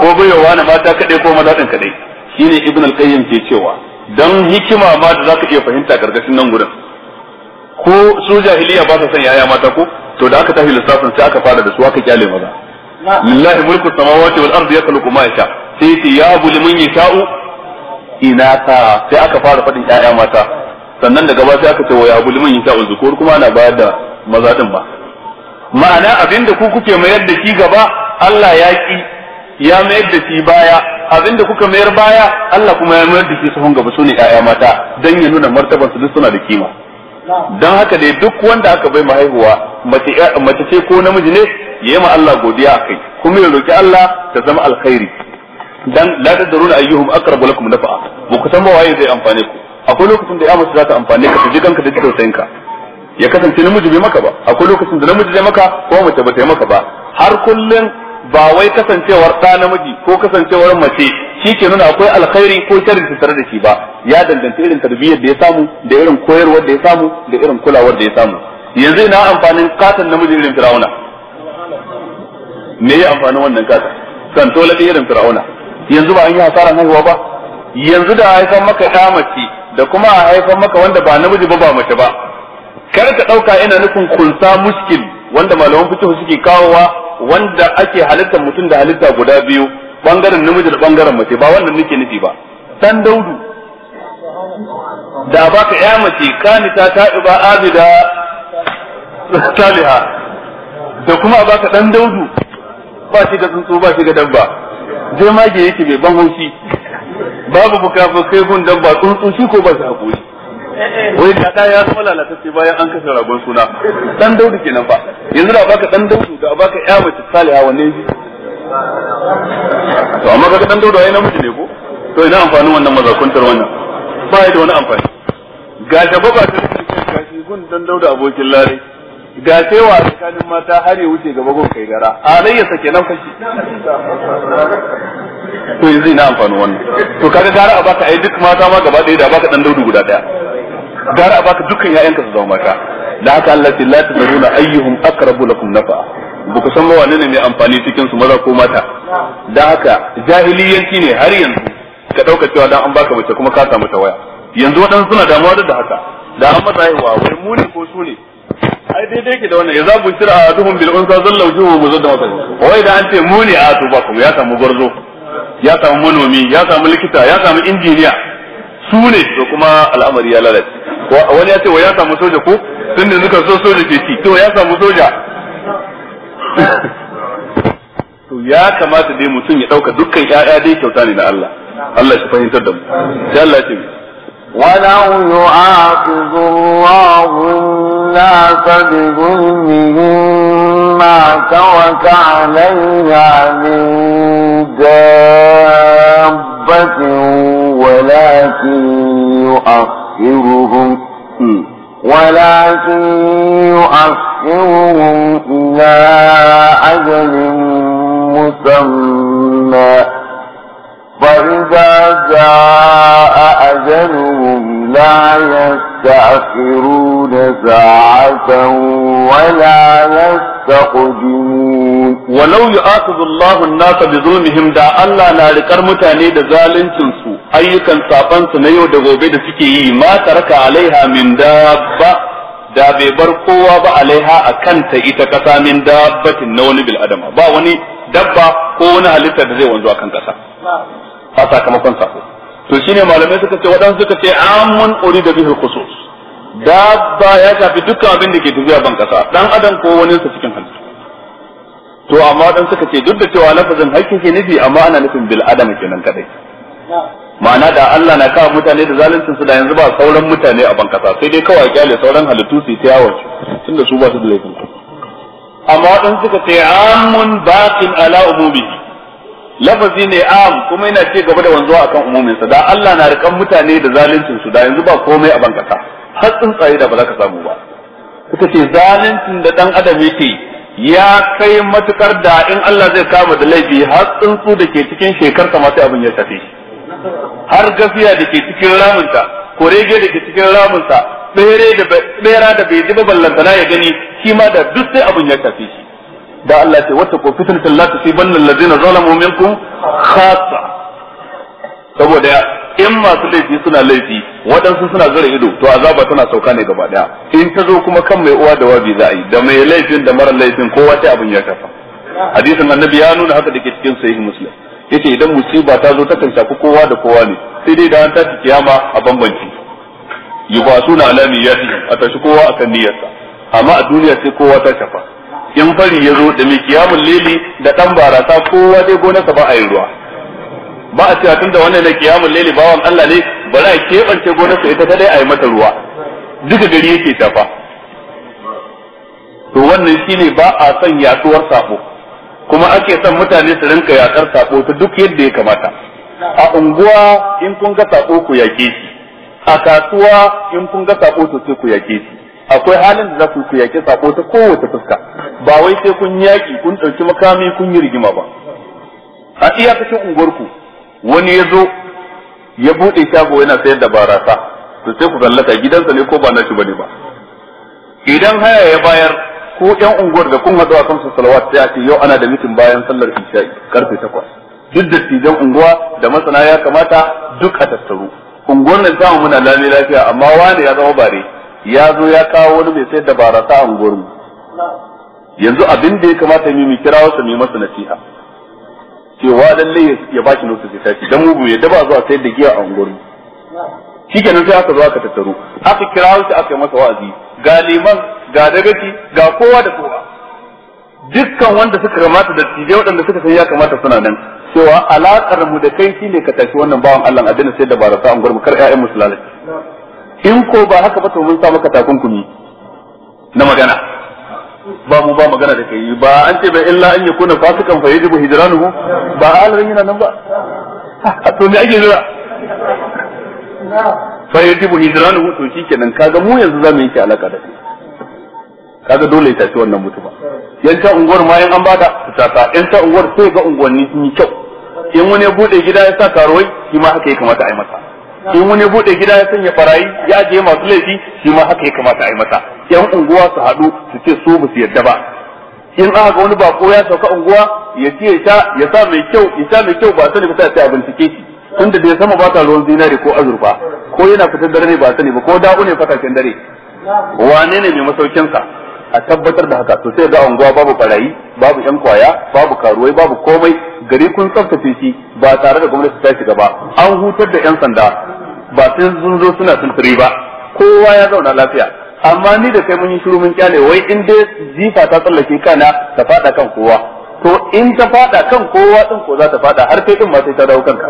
ko baiwa wani mata kadai ko maza din kadai shine ibn al-qayyim ke cewa dan hikima ma da zaka iya fahimta gargashin nan gurin ko su jahiliya ba su son yaya mata ko to da aka tafi lissafin sai aka fara da su aka kyale maza lillahi mulku samawati wal ardi yakhluqu ma yasha sai ti ya buli mun yasha'u ta sai aka fara fadin yaya mata sannan daga ba sai aka ce wa ya buli mun yasha'u zukur kuma ana bayar da maza din ba ma'ana abinda ku kuke mayar da shi gaba Allah ya ki ya mayar da shi baya abinda kuka mayar baya Allah kuma ya mayar da shi sahun gaba sune yaya mata dan ya nuna martaban su duk suna da kima don haka dai duk wanda aka bai mahaihuwa eh, mace ce ko namiji ne ya yi ma Allah godiya a kai kuma ya roki Allah ta zama alkhairi dan la tadruna ayyuhum aqrabu lakum nafa'a ba ku san ba waye zai amfane ku akwai lokacin da ya mace za ta amfane ka ta ji kanka da tausayin ka ya kasance namiji bai maka ba akwai lokacin da namiji zai maka ko mace ba ta yi maka ba har kullun ba wai kasancewar ɗa namiji ko kasancewar mace shi ke nuna akwai alkhairi ko sharri tare da shi ba ya danganta irin tarbiyyar da ya samu da irin koyarwar da ya samu da irin kulawar da ya samu yanzu ina amfanin katon namiji irin fir'auna me ya amfanin wannan katon kan tola irin fir'auna yanzu ba an yi hasaran haihuwa ba yanzu da haifan maka ɗa mace da kuma a haifan maka wanda ba namiji ba ba mace ba kar ka ɗauka ina nufin kunsa muskil wanda malaman fiqh suke kawowa wanda ake halittar mutum da halitta guda biyu bangaren namiji da bangaren mace ba wannan nake nufi ba dan daudu da baka ya mace kanita ta'iba abida saliha da kuma baka dan daudu ba shi ga tsuntsu ba shi ga dabba je mage yake mai ban haushi babu kai gun dabba tsuntsu shi ko ba shi haƙuri wai ka da ya zama lalatacce bayan an kashe ragon suna dan daudu kenan fa yanzu da baka dan daudu da baka ya mace saliha wanne yi to amma kaga dan daudu ai namiji ne ko to ina amfanin wannan mazakuntar wannan ba yi da wani amfani ga ta baba ta ga shi gun dan daudu abokin lare ga cewa tsakanin mata har ya wuce gaba gon kai gara sake nan fashi to yanzu ina amfanin wannan to kaga gara a baka ai duk mata ma gaba ɗaya da baka dan daudu guda ɗaya gara a baka dukkan ƴaƴanka su zama mata da haka Allah ce la tadruna ayyuhum aqrabu lakum nafa ba ku san wane ne mai amfani cikin su maza ko mata da haka jahiliyanci ne har yanzu ka dauka cewa dan an baka mace kuma ka samu ta waya yanzu waɗansu suna damuwa da haka da an mata haihuwa wai mu ne ko su ne ai daidai ke da wannan Ya za abu shira a duhun bil unsa zalla mu muzadda masal wai da an ce mu ne a to ba ya samu gwarzo ya samu manomi ya samu likita ya samu injiniya su ne to kuma al'amari ya lalace wani ya ce wa ya samu soja ko tun da suka so soja ke ci to ya samu soja to ya kamata dai mutum ya dauka dukkan ƴaƴa dai kyauta ne na Allah Allah shi fahimtar da mu sai Allah ya ce ولو يعاقب الله الناس بظلمهم ما ترك عليها من دابة ولكن يؤخر يؤخرهم ولكن يؤخرهم إلى أجل مسمى فإذا جاء أجلهم لا يستأخرون ساعة ولا يستقدمون ولو يؤاخذ الله الناس بظلمهم دا الله لا ركر متاني دا ظالم تنسو أيكا سابن سنيو دا غوبي دا سكي ما ترك عليها من دابة دا بيبر قوة عليها أكنت إتكتا من دابة نون بالأدم با وني dabba ko wani halitta da zai wanzu a kan ƙasa a sakamakon sako to shine malamai suka ce waɗansu suka ce amun da bihi khusus dabba ya shafi dukkan abin da ke tafiya ban kasa dan adam ko wani su cikin halittu to amma dan suka ce duk da cewa lafazin hakki ke nufi amma ana nufin bil adam kenan kadai ma'ana da Allah na kawo mutane da zaluncin su da yanzu ba sauran mutane a ban kasa sai dai kawai kyale sauran halittu su yi ta yawon tunda su ba su da laifin amma dan suka ce amun baqin ala umumihi lafazi ne am kuma yana ce gaba da wanzuwa akan umumin sa da Allah na rikan mutane da zaluncin su da yanzu ba komai a bankasa har tsaye da ba za ka samu ba kuka ce zaluncin da dan adam yake ya kai matukar da in Allah zai kama da laifi har tsuntsu da ke cikin shekar ta abin ya tafi har gafiya da ke cikin ramunta korege da ke cikin ramunta bere da bera da bai ji ba ballantana ya gani shi ma da duk sai abin ya tafi shi da Allah ce wata ko fitnatul la tusibanna alladhina zalamu minkum khassa saboda in masu laifi suna laifi waɗansu suna zara ido to azaba tana sauka ne gaba daya in ta zo kuma kan mai uwa da wabi za da mai laifin da mara laifin kowa sai abin ya kafa hadisin annabi ya nuna haka dake cikin sahih muslim yace idan musiba ta zo takan shafi kowa da kowa ne sai dai da an ci kiyama a bambanci yubasuna alami yatihim a tashi kowa akan niyyarsa amma a duniya sai kowa ta shafa in fari ya zo da mai kiyamun lili da ɗan barasa kowa dai gonarsa ba a yi ruwa ba a cewa da wannan na kiyamun lili bawan Allah ne bari a keɓance gonarsa ita ta dai a yi mata ruwa duka gari yake tafa. to wannan ne ba a son yaduwar sako kuma ake son mutane su rinka yatsar sako ta duk yadda ya kamata a unguwa in kun ga sabo ku yaƙe shi a kasuwa in kun ga sabo to sai ku yaƙe shi akwai halin da za ku ku yaƙi sako ta kowace fuska ba wai sai kun yaƙi kun ɗauki makami kun yi rigima ba a iyakacin unguwarku wani ya zo ya buɗe shago yana sayar da barasa to sai ku gallata gidansa ne ko ba na bane ba idan haya ya bayar ko ɗan unguwar da kun haɗu a kan salawat sai a ce yau ana da mitin bayan sallar isha'i karfe takwas duk dattijan unguwa da masana ya kamata duk a tattaru unguwar nan samu muna lami lafiya amma wani ya zama bare ya zo ya kawo wani mai sayar da barasa a unguwarmu yanzu abin da ya kamata mu mu kira wasu mu masa nasiha cewa lalle ya ba shi notice ta dan mu ya daba zuwa sayar da giya a unguwarmu shikenan sai aka zo aka tattaro aka kira wasu aka yi masa wa'azi ga liman ga dagaci ga kowa da kowa dukkan wanda suka kamata da tije waɗanda suka san ya kamata suna nan cewa alakar mu da kai shine ka tafi wannan bawan Allah addinin sai da barasa an gurmu kar ƴaƴan musulmai lalace in ko ba haka ba to mun sa maka takunkumi na magana ba mu ba magana da kai ba an ce ba illa an yakuna fasikan fa yajibu hijranuhu ba alarin yana nan ba to me ake jira fa yajibu hijranuhu to shikenan kaga mu yanzu zamu yi alaka da kai kaga dole ya tafi wannan mutuba yan ta unguwar ma yan an bada sata yan ta unguwar sai ga unguwanni sun yi kyau in wani ya bude gida ya sa karuwai shi ma haka ya kamata a yi masa in wani bude gida ya sanya barayi ya je masu laifi shi ma haka ya kamata a yi masa yan unguwa su haɗu su ce su ba su yadda ba in aka ga wani bako ya sauka unguwa ya ce ya sa mai kyau ya sa mai kyau ba sani ba sai a bincike shi tunda bai sama ba ta ruwan zinare ko azurfa ko yana fitar dare ne ba sani ba ko da'u ne fataken dare wane ne mai masaukinsa a tabbatar da haka to sai ga unguwa babu barayi babu yan kwaya babu karuwai babu komai gari kun tsaftace shi ba tare da gwamnati ta shiga ba an hutar da yan sanda ba sai sun zo suna sintiri ba kowa ya zauna lafiya amma ni da kai mun yi shiru mun kyale wai in dai jifa ta tsallake kana ta fada kan kowa to in ta fada kan kowa din ko za ta fada har kai din ma sai ta dawo kanka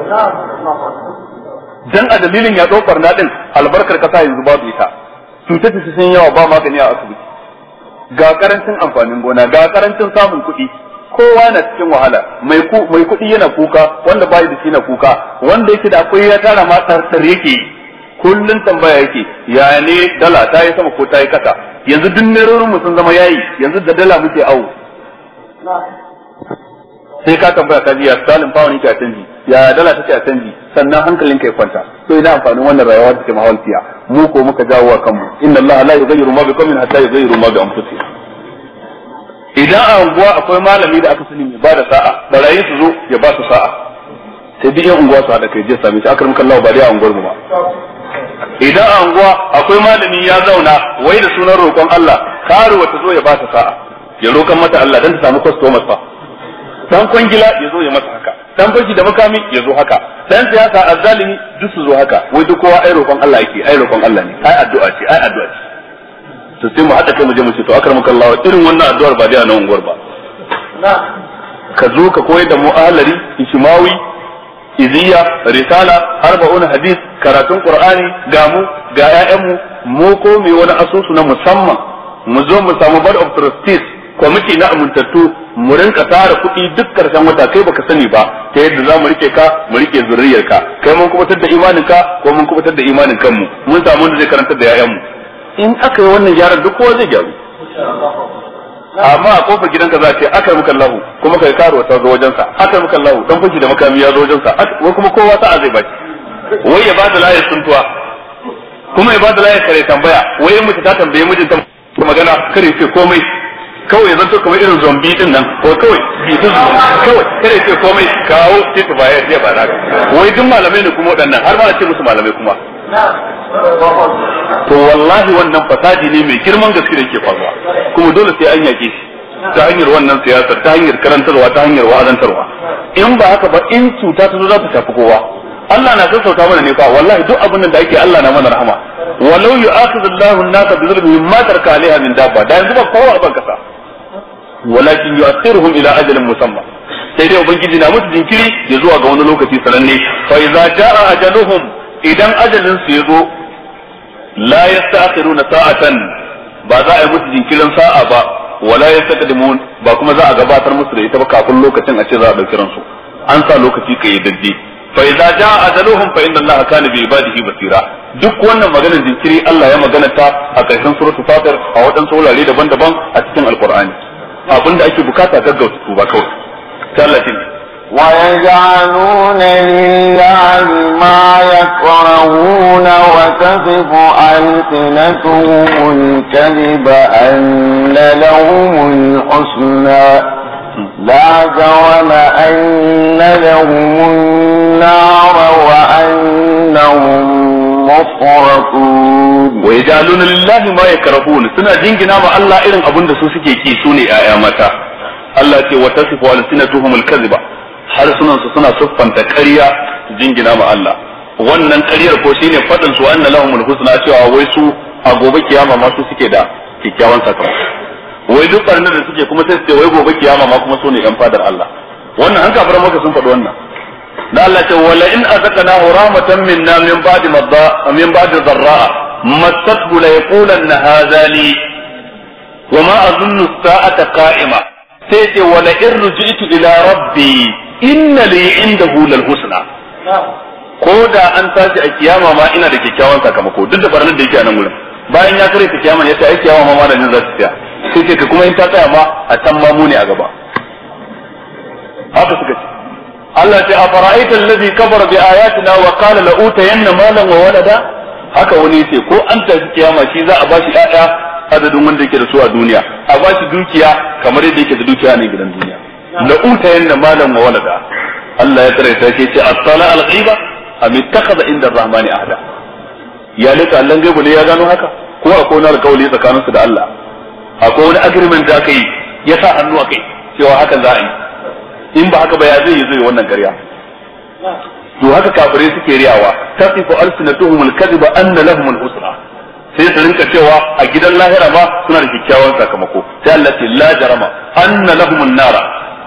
dan a dalilin ya dokar na din albarkar kasa yanzu babu ita cutar sun yawa ba magani a asibiti ga karancin amfanin gona ga karancin samun kuɗi kowa na cikin wahala mai mai kuɗi yana kuka wanda bai da shi na kuka wanda yake da akwai ya tara ma tsartsar yake kullun tambaya yake ya ne dala ta yi sama ko ta yi kasa yanzu duk nerorin mu sun zama yayi yanzu da dala muke awo sai ka tambaya ka ji ya salim fa wani ka canji ya dala take a canji sannan hankalin kai kwanta to ina amfanin wannan rayuwa take mahaukiya mu ko muka jawo wa kanmu inna allaha la yughayyiru ma biqawmin hatta yughayyiru ma bi anfusihim idan a unguwa akwai malami da aka sani mai bada sa'a barayi su zo ya ba su sa'a sai duk yan unguwa su haɗa kai je same shi akram kallawa ba dai a unguwar mu ba idan a unguwa akwai malami ya zauna wai da sunan roƙon Allah karu wata zo ya ba ta sa'a ya roƙan mata Allah dan ta samu kwastomas fa dan kwangila ya zo ya masa haka dan fashi da makami ya zo haka dan siyasa azzalimi duk su zo haka wai duk kowa ai roƙon Allah yake ai roƙon Allah ne ai addu'a ce ai addu'a ce to sai mu haɗa kai mu je mu ce to akramaka Allah irin wannan addu'ar ba dai a nan unguwar ba ka zo ka koyar da mu'alari ishimawi iziya risala arba'un hadith karatun qur'ani ga mu ga yayan mu mu ko mai wani asusu na musamman mu zo mu samu board of trustees kwamiti na amintattu mu rinka tara kuɗi duk karshen wata kai baka sani ba ta yadda za mu rike ka mu rike zuriyar ka kai mun kubutar da imanin ka ko mun kubutar da imanin kanmu mun samu wanda zai karantar da 'ya'yanmu. in aka yi wannan gyaran duk kowa zai gyaru amma a kofar gidanka za a ce aka yi muka lahu kuma kai karuwa ta zo wajensa aka yi muka lahu dan fushi da makami ya zo wajensa wai kuma kowa ta zai baki wai ya bada layar suntuwa kuma ya bada layar kare tambaya wai mace ta tambaye mijinta magana kare ce komai kawai zan to kamar irin zombi din nan ko kawai bisu kawai kada ce komai kawo titi ba ya ce ba wai duk malamai ne kuma waɗannan har ma a ce musu malamai kuma to wallahi wannan fasadi ne mai girman gaske da ke faruwa kuma dole sai an yake shi ta hanyar wannan siyasar ta hanyar karantarwa ta hanyar wa'azantarwa in ba haka ba in cuta ta zo za ta tafi kowa Allah na sassauta mana ne fa wallahi duk abin da ake Allah na mana rahama walau yu'akhidhu Allahu an-nasa bi dhulmihim ma tarka alaiha min dabba da yanzu ba kowa a ban kasa walakin yu'akhiruhum ila ajalin musamma sai dai ubangiji na musu jinkiri ya zuwa ga wani lokaci sananne fa idza jaa ajaluhum idan ajalin su yazo la yasta'khiruna sa'atan ba za a yi musu jinkirin sa'a ba wala yastaqdimun ba kuma za a gabatar musu da ita ba kafin lokacin a ce za a dauki ransu an sa lokaci kai daddi fa idza jaa ajaluhum fa inna allaha kana bi ibadihi basira duk wannan maganar jinkiri Allah ya magana ta a kaifin suratul fatir a waɗansu wurare daban-daban a cikin alqur'ani abinda ake bukata gaggauta tuba kawai tallatin ويجعلون لله ما يكرهون وتصف ألسنتهم الكذب أن لهم الحسنى لا جرم أن لهم النار وأنهم مفرطون ويجعلون لله ما يكرهون سنة جنجنا ما الله إذن أبن دسو سكي كي سوني آيا متا الله كي وتصف ألسنتهم الكذبة har sunan su suna siffanta ƙarya jingina ma Allah wannan ƙaryar ko shine fadin su anna lahumul husna cewa wai su a gobe kiyama ma su suke da kikkiawan sakamako wai duk barnar da suke kuma sai su ce wai gobe kiyama ma kuma su ne yan fadar Allah wannan an kafara maka sun faɗi wannan da Allah ce wala in azaqnahu rahmatan minna min ba'di madda min ba'di dharra masathu la yaqulanna hadha li wa ma azunnu as-sa'ata qa'ima sai ce wala in ruji'tu ila rabbi inna li indahu lal husna ko da an tashi a kiyama ma ina da kyakkyawan sakamako duk da barnar da yake a nan gurin bayan ya kare ta kiyama ya ta ai kiyama ma malamin za su tsaya sai ce ka kuma in ta tsaya ma a san ma mu ne a gaba haka suka ce Allah ce a fara'aita allazi kafara bi ayatina wa qala la utayanna malan wa walada haka wani ce ko an tafi kiyama shi za a bashi ɗaya adadin wanda yake da su a duniya a bashi dukiya kamar yadda yake da dukiya ne gidan duniya la utayanna malan wa walada Allah ya tsare ta ce as-sala al-ghaiba am ittakhadha inda ar-rahmani ahda ya lika Allah gaibu ne ya gano haka ko akwai wani alƙawari tsakaninsu da Allah akwai wani agreement da aka yi ya sa hannu akai cewa hakan za a yi in ba haka ba ya zai zo wannan ƙarya to haka kafirai suke riyawa tasifu alsinatuhum alkadhiba anna lahum alhusna sai su rinka cewa a gidan lahira ma suna da kyakkyawan sakamako sai Allah ce la jarama anna lahum an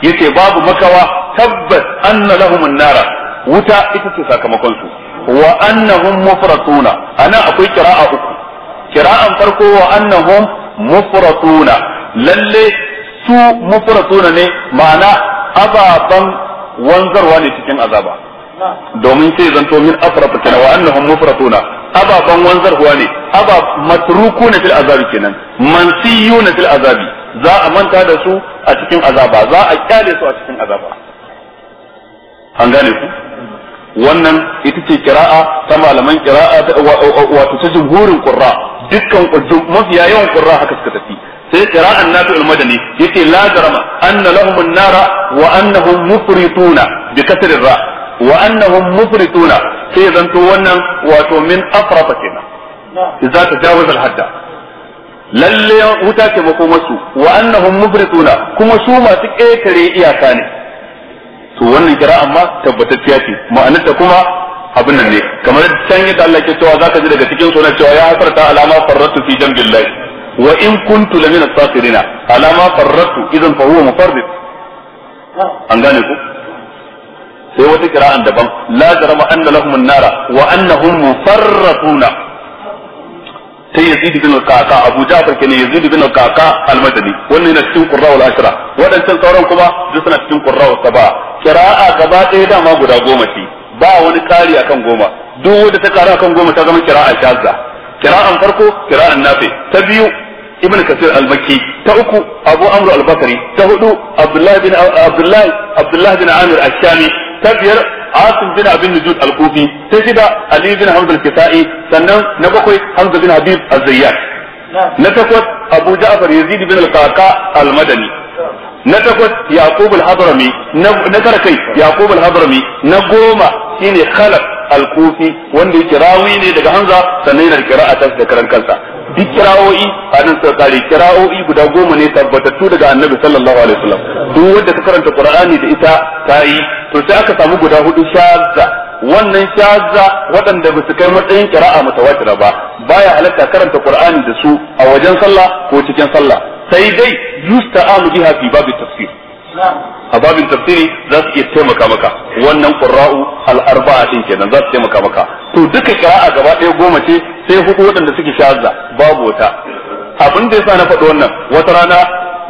yace babu makawa tabbas anna lahum an wuta ita ce sakamakon su wa annahum mufratuna ana akwai kira'a uku kira'an farko wa annahum mufratuna lalle su mufratuna ne ma'ana ababan wanzarwa ne cikin azaba domin sai zanto min afrafata wa annahum mufratuna ababan wanzar wanzarwa ne aba matrukuna fil azabi kenan mansiyuna fil azabi za a manta da su a cikin azaba za a kyale su a cikin azaba an gane ku wannan ita ce kira'a ta malaman kira'a wato ta jumhurin qurra dukkan mafiya yawan qurra haka suka tafi sai qira'an nafi'ul madani yace la jarama anna lahum an-nara wa annahum mufrituna bi kasri ra wa annahum mufrituna sai zanto wannan wato min afrafa kenan idza tajawaza al-hadda lalle wuta ce makomarsu wa annahum mufrituna kuma su masu ƙetare iyaka ne to wannan kira'an amma tabbatacciya ce ma'anarta kuma abin nan ne kamar can yadda Allah ke cewa zaka ji daga cikin sunan cewa ya hafarta alama farratu fi jambillahi wa in kuntu lamina as-sakhirina ala ma farratu idan fa huwa mufarrid an gane ku sai wata kira'an daban la jarama anna lahum an-nara wa annahum mufarratuna sai yazid bin al-qaqa abu ja'far kenan yazid bin al-qaqa al-madani wannan yana cikin qurra wal ashra wadancan sauran kuma duk suna cikin qurra wal saba kira'a gaba ɗaya dama guda goma ce ba wani kari akan goma duk wanda ta kara akan goma ta zama kira'a shazza kira'an farko kira'an nafi ta biyu ibn kasir al ta uku abu amru al ta hudu abdullah bin abdullah abdullah bin amir al-shami ta bin abin nujud al ta shida ali bin kisai sannan na bakwai hamza bin habib al-zayyad na takwas abu ja'far yazid bin al-qaqa al na takwas yaqub al-hadrami na karkai yaqub na goma shine khalaf alkufi wanda yake ne daga hamza sannan yana a ta da karan karsa. duk kira'o'i a nan sarkari kira'o'i guda goma ne tabbatattu daga annabi sallallahu alaihi wasallam duk wanda ka karanta qur'ani da ita ta yi to sai aka samu guda hudu shazza wannan shazza waɗanda ba su kai matsayin kira'a mutawatir ba baya halatta karanta qur'ani da su a wajen sallah ko cikin sallah sai dai yusta'amu biha fi babu tafsir a babin tafsiri za su iya taimaka maka wannan ƙura'u al-arba'a din kenan za su taimaka maka to duka kira'a gaba ɗaya goma ce sai hudu waɗanda suke shazza babu wata abin da yasa na faɗi wannan wata rana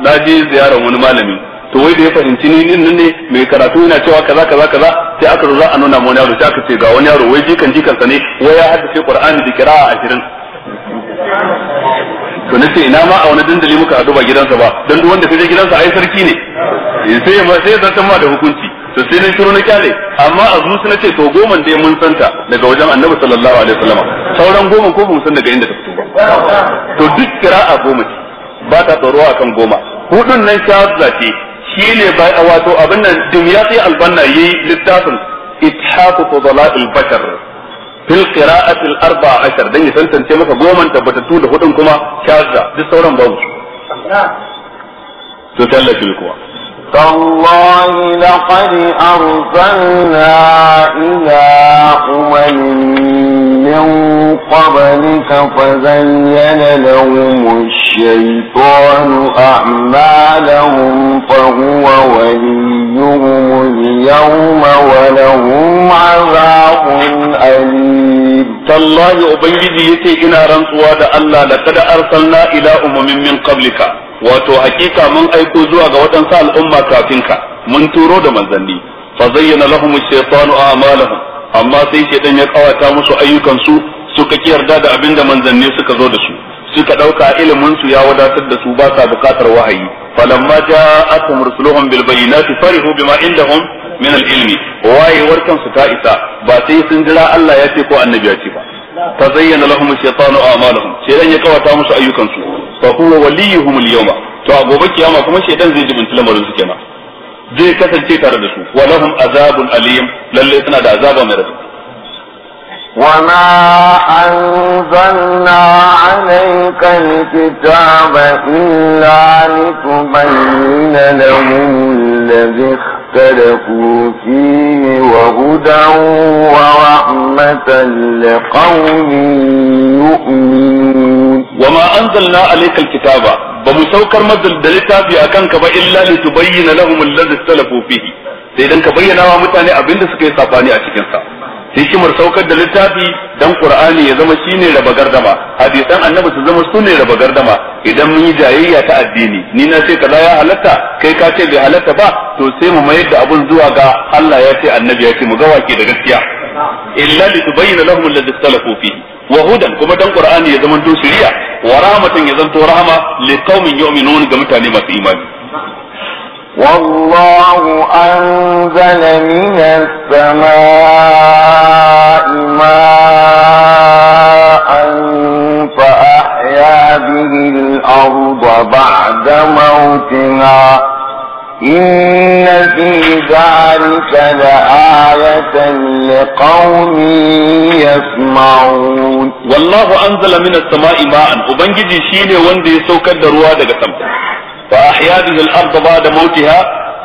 na je ziyarar wani malami to wai da ya fahimci ni nan ne mai karatu yana cewa kaza kaza kaza sai aka zo za a nuna mu yaro sai aka ce ga wani yaro wai jikan jikan sa ne wai ya haddace qur'ani da a ashirin. to nace ina ma a wani dandali muka haɗu ba gidansa ba dan duk wanda je gidansa ai sarki ne sai ya sai zan ma da hukunci to sai nan shiru na kyale amma a zuci na ce to goma dai mun santa daga wajen annabi sallallahu alaihi wasallam sauran goma ko mun san daga inda ta fito ba to duk kira'a goma ce ba ta tsoro akan goma hudun nan shahadza ce ne bai wato abin nan sai albanna yayi littafin ithaqu fudala'il bashar fil qira'ati al 14 dan ya tantance maka goma tabbatattu da hudun kuma shahadza duk sauran babu su to tallafi kuwa تالله لقد أرسلنا إلى أمم من قبلك فزين لهم الشيطان أعمالهم فهو وليهم اليوم ولهم عذاب أليم تالله أبنجي يتي إنا رنسوا دا الله لقد أرسلنا إلى أمم من قبلك wato hakika mun aiko zuwa ga waɗansu al'umma kafinka mun turo da manzanni fa zayyana lahum shaytanu a'malahum amma sai shedan ya kawata musu ayyukan su suka yarda da abin da manzanni suka zo da su suka dauka ilimin su ya wadatar da su ba sa bukatar wahayi falamma ja'atuhum rusuluhum bil bayyinati farihu bima indahum min al ilmi wayewar su ta isa ba sai sun jira Allah ya ce ko annabi ya ce ba tazayyana lahum shaytanu a'malahum shedan ya kawata musu ayyukansu su fa huwa waliyuhum al yawma to a gobe kiyama kuma shedan zai jibinta lamarin su kenan zai kasance tare da su wa lahum azabun alim lalle suna da azaba mai rabi وما أنزلنا عليك الكتاب إلا لتبين لهم الذي اختلفوا فيه وهدى ورحمة لقوم يؤمنون وما أنزلنا عليك الكتاب بمسوكر مدل دلتا في أكانك إلا لتبين لهم الذي اختلفوا فيه سيدنا كبينا ومتاني أبند سكي صفاني أتكنسا hikimar saukar da littafi dan qur'ani ya zama shine raba gardama hadisan annabi su zama sune raba gardama idan mun yi jayayya ta addini ni na ce kaza ya halatta kai ka ce bai halatta ba to sai mu mayar da abun zuwa ga Allah ya ce annabi ya ce mu ga wake da gaskiya illa li tubayyana lahum alladhi ikhtalafu fihi wa hudan kuma dan qur'ani ya zama to wa rahmatan ya zanto rahama qaumin yu'minun ga mutane masu imani والله أنزل من السماء ماء فأحيا به الأرض بعد موتها إن في ذلك لآية لقوم يسمعون والله أنزل من السماء ماء وبنجي شيني وندي سوكر دروا دقا fa ahya bihi al da ba'da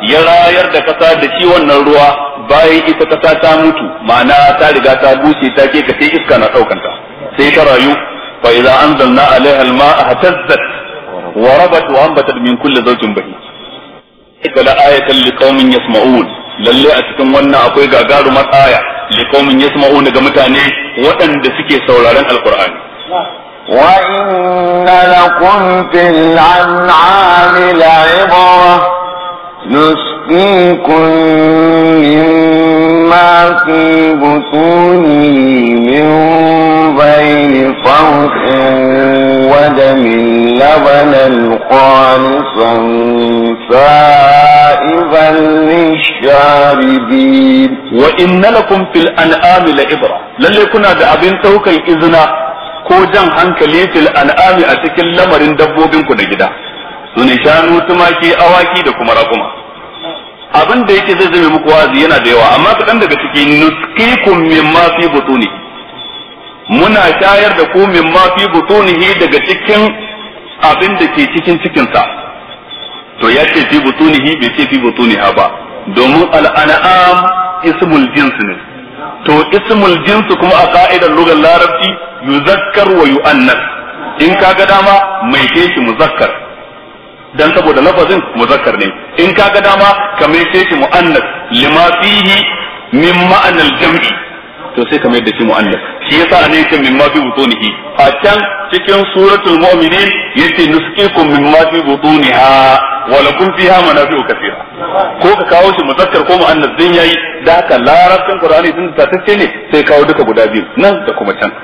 ya rayar da kasa da ciwon nan ruwa bayan ita kasa ta mutu ma'ana ta riga ta bushe ta ke kace iska na ɗaukanta. sai ta rayu fa idza anzalna alaiha al-ma'a hatazzat wa rabat wa anbatat min kulli zawjin bahij ita la ayatan liqaumin yasma'un lalle a cikin wannan akwai gagarumar aya likomin liqaumin yasma'una ga mutane waɗanda suke sauraren alqur'ani وإن لكم في الأنعام لعبرة نسقيكم مما في بطونه من بين فرح ودم لبنا خالصا سائغا للشاربين وإن لكم في الأنعام لعبرة لن يكون هذا أبين توكي إذنا ko jan hankali fil an'ami a cikin lamarin dabbobinku ku na gida su ne shanu tumaki awaki da kuma raƙuma abin da yake zai zame muku wazi yana da yawa amma kaɗan daga ciki nuskikum ma fi butuni muna shayar da ku ma fi butunihi daga cikin abin da ke cikin cikinsa to ya ce fi butunihi bai ce fi butuniha ba domin al'an'am ismul jins ne to ismul jinsu kuma a ka'idar lugar larabci yuzakkar wa yu'annas in ka ga dama mai shi muzakkar dan saboda lafazin muzakkar ne in ka ga dama ka mai shi mu'annas lima fihi min ma'anar jam'i to sai ka yadda shi mu'allaf shi yasa anan yake mimma fi butunihi a can cikin suratul mu'minin yace nusqikum mimma fi butuniha wa lakum fiha manafi'u kathira ko ka kawo shi muzakkar ko mu'annas din yayi da haka larabcin qur'ani din ta tace ne sai kawo duka guda biyu nan da kuma can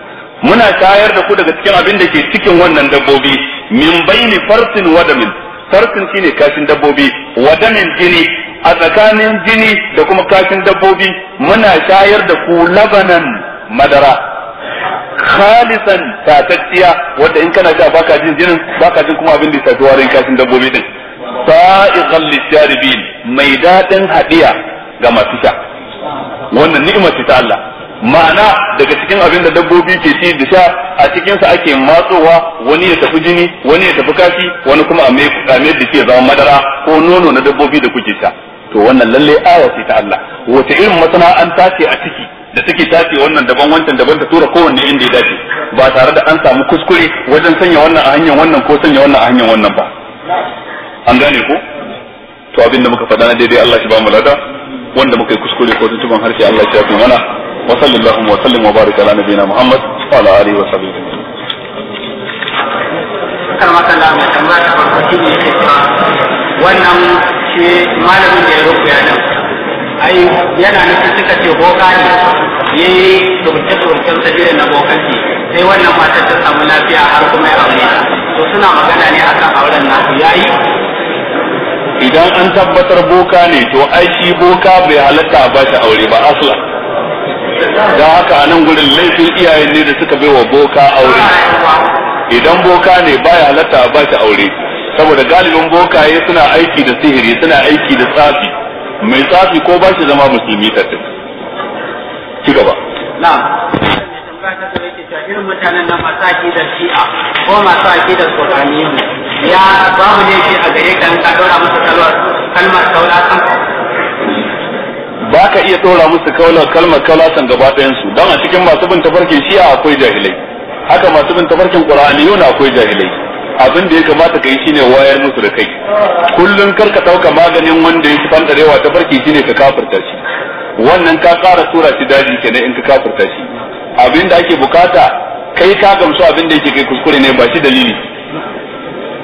muna tayar da ku daga cikin abin da ke cikin wannan dabbobi min baini farsin wa damin farsin shine kashin dabbobi wa jini a tsakanin jini da kuma kashin dabbobi muna shayar da ku labanan madara khalisan tatacciya wanda in kana sha baka jin jinin baka jin kuma abin da ya warin kashin dabbobi din sa'iqan lisharibin mai dadin hadiya ga masu sha wannan ni'imar ta Allah ma'ana daga cikin abin da dabbobi ke ci da sha a cikin sa ake matsowa wani ya tafi jini wani ya tafi kashi wani kuma a mai da ke zama madara ko nono na dabbobi da kuke sha to wannan lalle aya ce ta Allah wace irin masana'anta ce a ciki da take tace wannan daban wancan daban ta tura kowanne inda ya dace ba tare da an samu kuskure wajen sanya wannan a hanyar wannan ko sanya wannan a hanyar wannan ba an gane ko to abinda muka faɗa na daidai Allah shi ba mu lada wanda muka yi kuskure ko tuntuban harshe Allah shi ya fi mana wa sallallahu wa sallim wa baraka ala nabiyina Muhammad wa ala alihi wa sahbihi ajma'in kan makalla mai tambaya ta farko shine wannan shi malamin da ya rubuta nan ai yana nufin suka ce boka ne ya yi rubuce rubucen sabirin na bokanci sai wannan matar ta samu lafiya har kuma ya aure to suna magana ne akan auren nasu yayi idan an tabbatar boka ne to ai shi boka bai halatta ba ta aure ba asla da haka a nan gurin laifin iyayen ne da suka bai wa boka aure idan boka ne baya halatta ba ta aure saboda galibin bokaye suna aiki da sihiri suna aiki da tsafi mai tsafi ko ba shi zama musulmi ta ci gaba na'am ta so yake cewa irin mutanen nan masu aƙidar shi'a ko masu aƙidar ƙorani ne ya babu ne shi a gare kan ka ɗora musu kalmar kaulatan ba ka iya ɗora musu kaular kalmar kaulatan gaba su, don a cikin masu bin tafarkin shi'a akwai jahilai haka masu bin tafarkin ƙorani akwai jahilai abin da ya kamata ka yi shine wayar musu da kai kullun kar ka dauka maganin wanda ya fandarewa ta barki shine ka kafirta shi wannan ka kara tura shi daji kenan in ka kafirta shi abin da ake bukata kai ka gamsu abin da yake kai kuskure ne ba shi dalili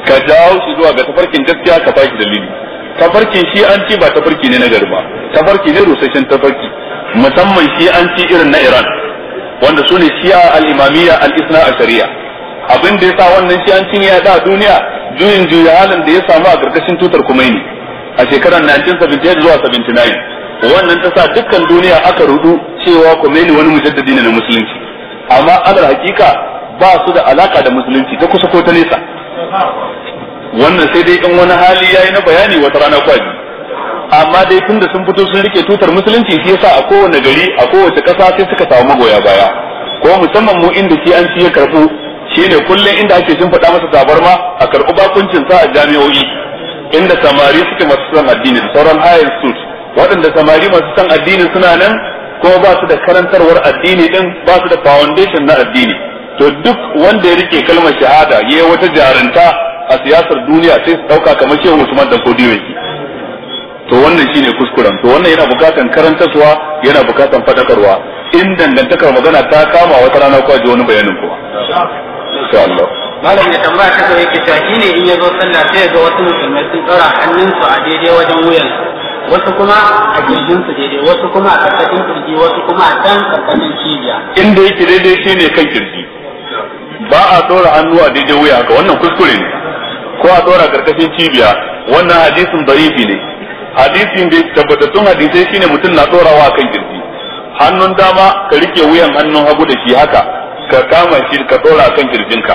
ka dawo shi zuwa ga tafarkin gaskiya ka baki dalili tafarkin shi an ci ba tafarki ne na garba tafarki ne rusashen tafarki musamman shi an ci irin na Iran wanda su ne shi'a al-imamiyya al-isna a shari'a abin da ya sa wannan shi an cinye a duniya juyin juya halin da ya samu a karkashin tutar kumaini a shekarar 1978 zuwa 79 wannan ta sa dukkan duniya aka rudu cewa kumaini wani mujaddadi ne na musulunci amma alal hakika ba su da alaka da musulunci ta kusa ko ta nesa wannan sai dai in wani hali yayi na bayani wata rana kwaji amma dai tun da sun fito sun rike tutar musulunci shi yasa a kowane gari a kowace kasa sai suka samu magoya baya ko musamman mu inda shi an ciye ya shine kullum inda ake sun faɗa masa tabarma a karɓi bakuncin sa a jami'o'i inda samari suke masu son addini da sauran higher su waɗanda samari masu son addini suna nan kuma ba su da karantarwar addini din ba su da foundation na addini to duk wanda ya rike kalmar shahada ya wata jarunta a siyasar duniya sai su ɗauka kamar shehu Usman dan Kodiyo to wannan shine kuskuren to wannan yana bukatan karantarwa yana bukatan fadakarwa in dangantakar magana ta kama wata rana ko ji wani bayanin kuma insha Allah malam ya tambaya ta kawai ke shi ne in ya zo sallah sai ga wasu musulmai sun tsara hannunsu a daidai wajen wuyan wasu kuma a kirjin su daidai wasu kuma a karkashin kirji wasu kuma a can karkashin cibiya inda yake daidai shine kan kirji ba a tsora hannu a daidai wuya ga wannan kuskure ne ko a tsora karkashin cibiya wannan hadisin da'ifi ne hadisin da tabbatattun hadisai shine mutum na tsorawa kan kirji hannun dama ka rike wuyan hannun hagu da shi haka ka kama shi ka dora kan kirjinka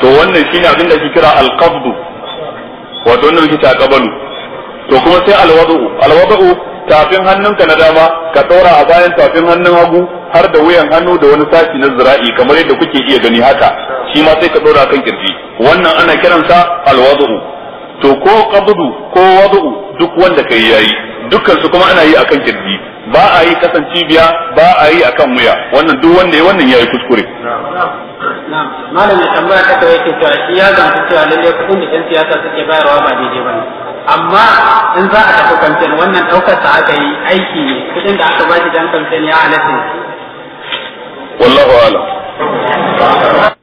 to wannan shine abin da ake kira al-qabd wato wannan shi kabalu to kuma sai al alwadu tafin hannunka na dama ka dora a bayan tafin hannun hagu har da wuyan hannu da wani sashi na zira'i kamar yadda kuke iya gani haka shi ma sai ka dora kan kirji wannan ana kiransa al to ko qabdu ko wad'u duk wanda kai yayi dukkan su kuma ana yi akan kirji ba a yi kasan cibiya ba a yi akan muya wannan duk wanda ya wannan yayi kuskure malamin ya tambaya ta kawai ta shi ya zanta cewa lalle kudin da yan siyasa suke bayarwa ba daidai ba amma in za a tafi kamfen wannan daukar sa aka yi aiki ne kudin da aka ba shi dan kamfen ya halatta wallahu a'lam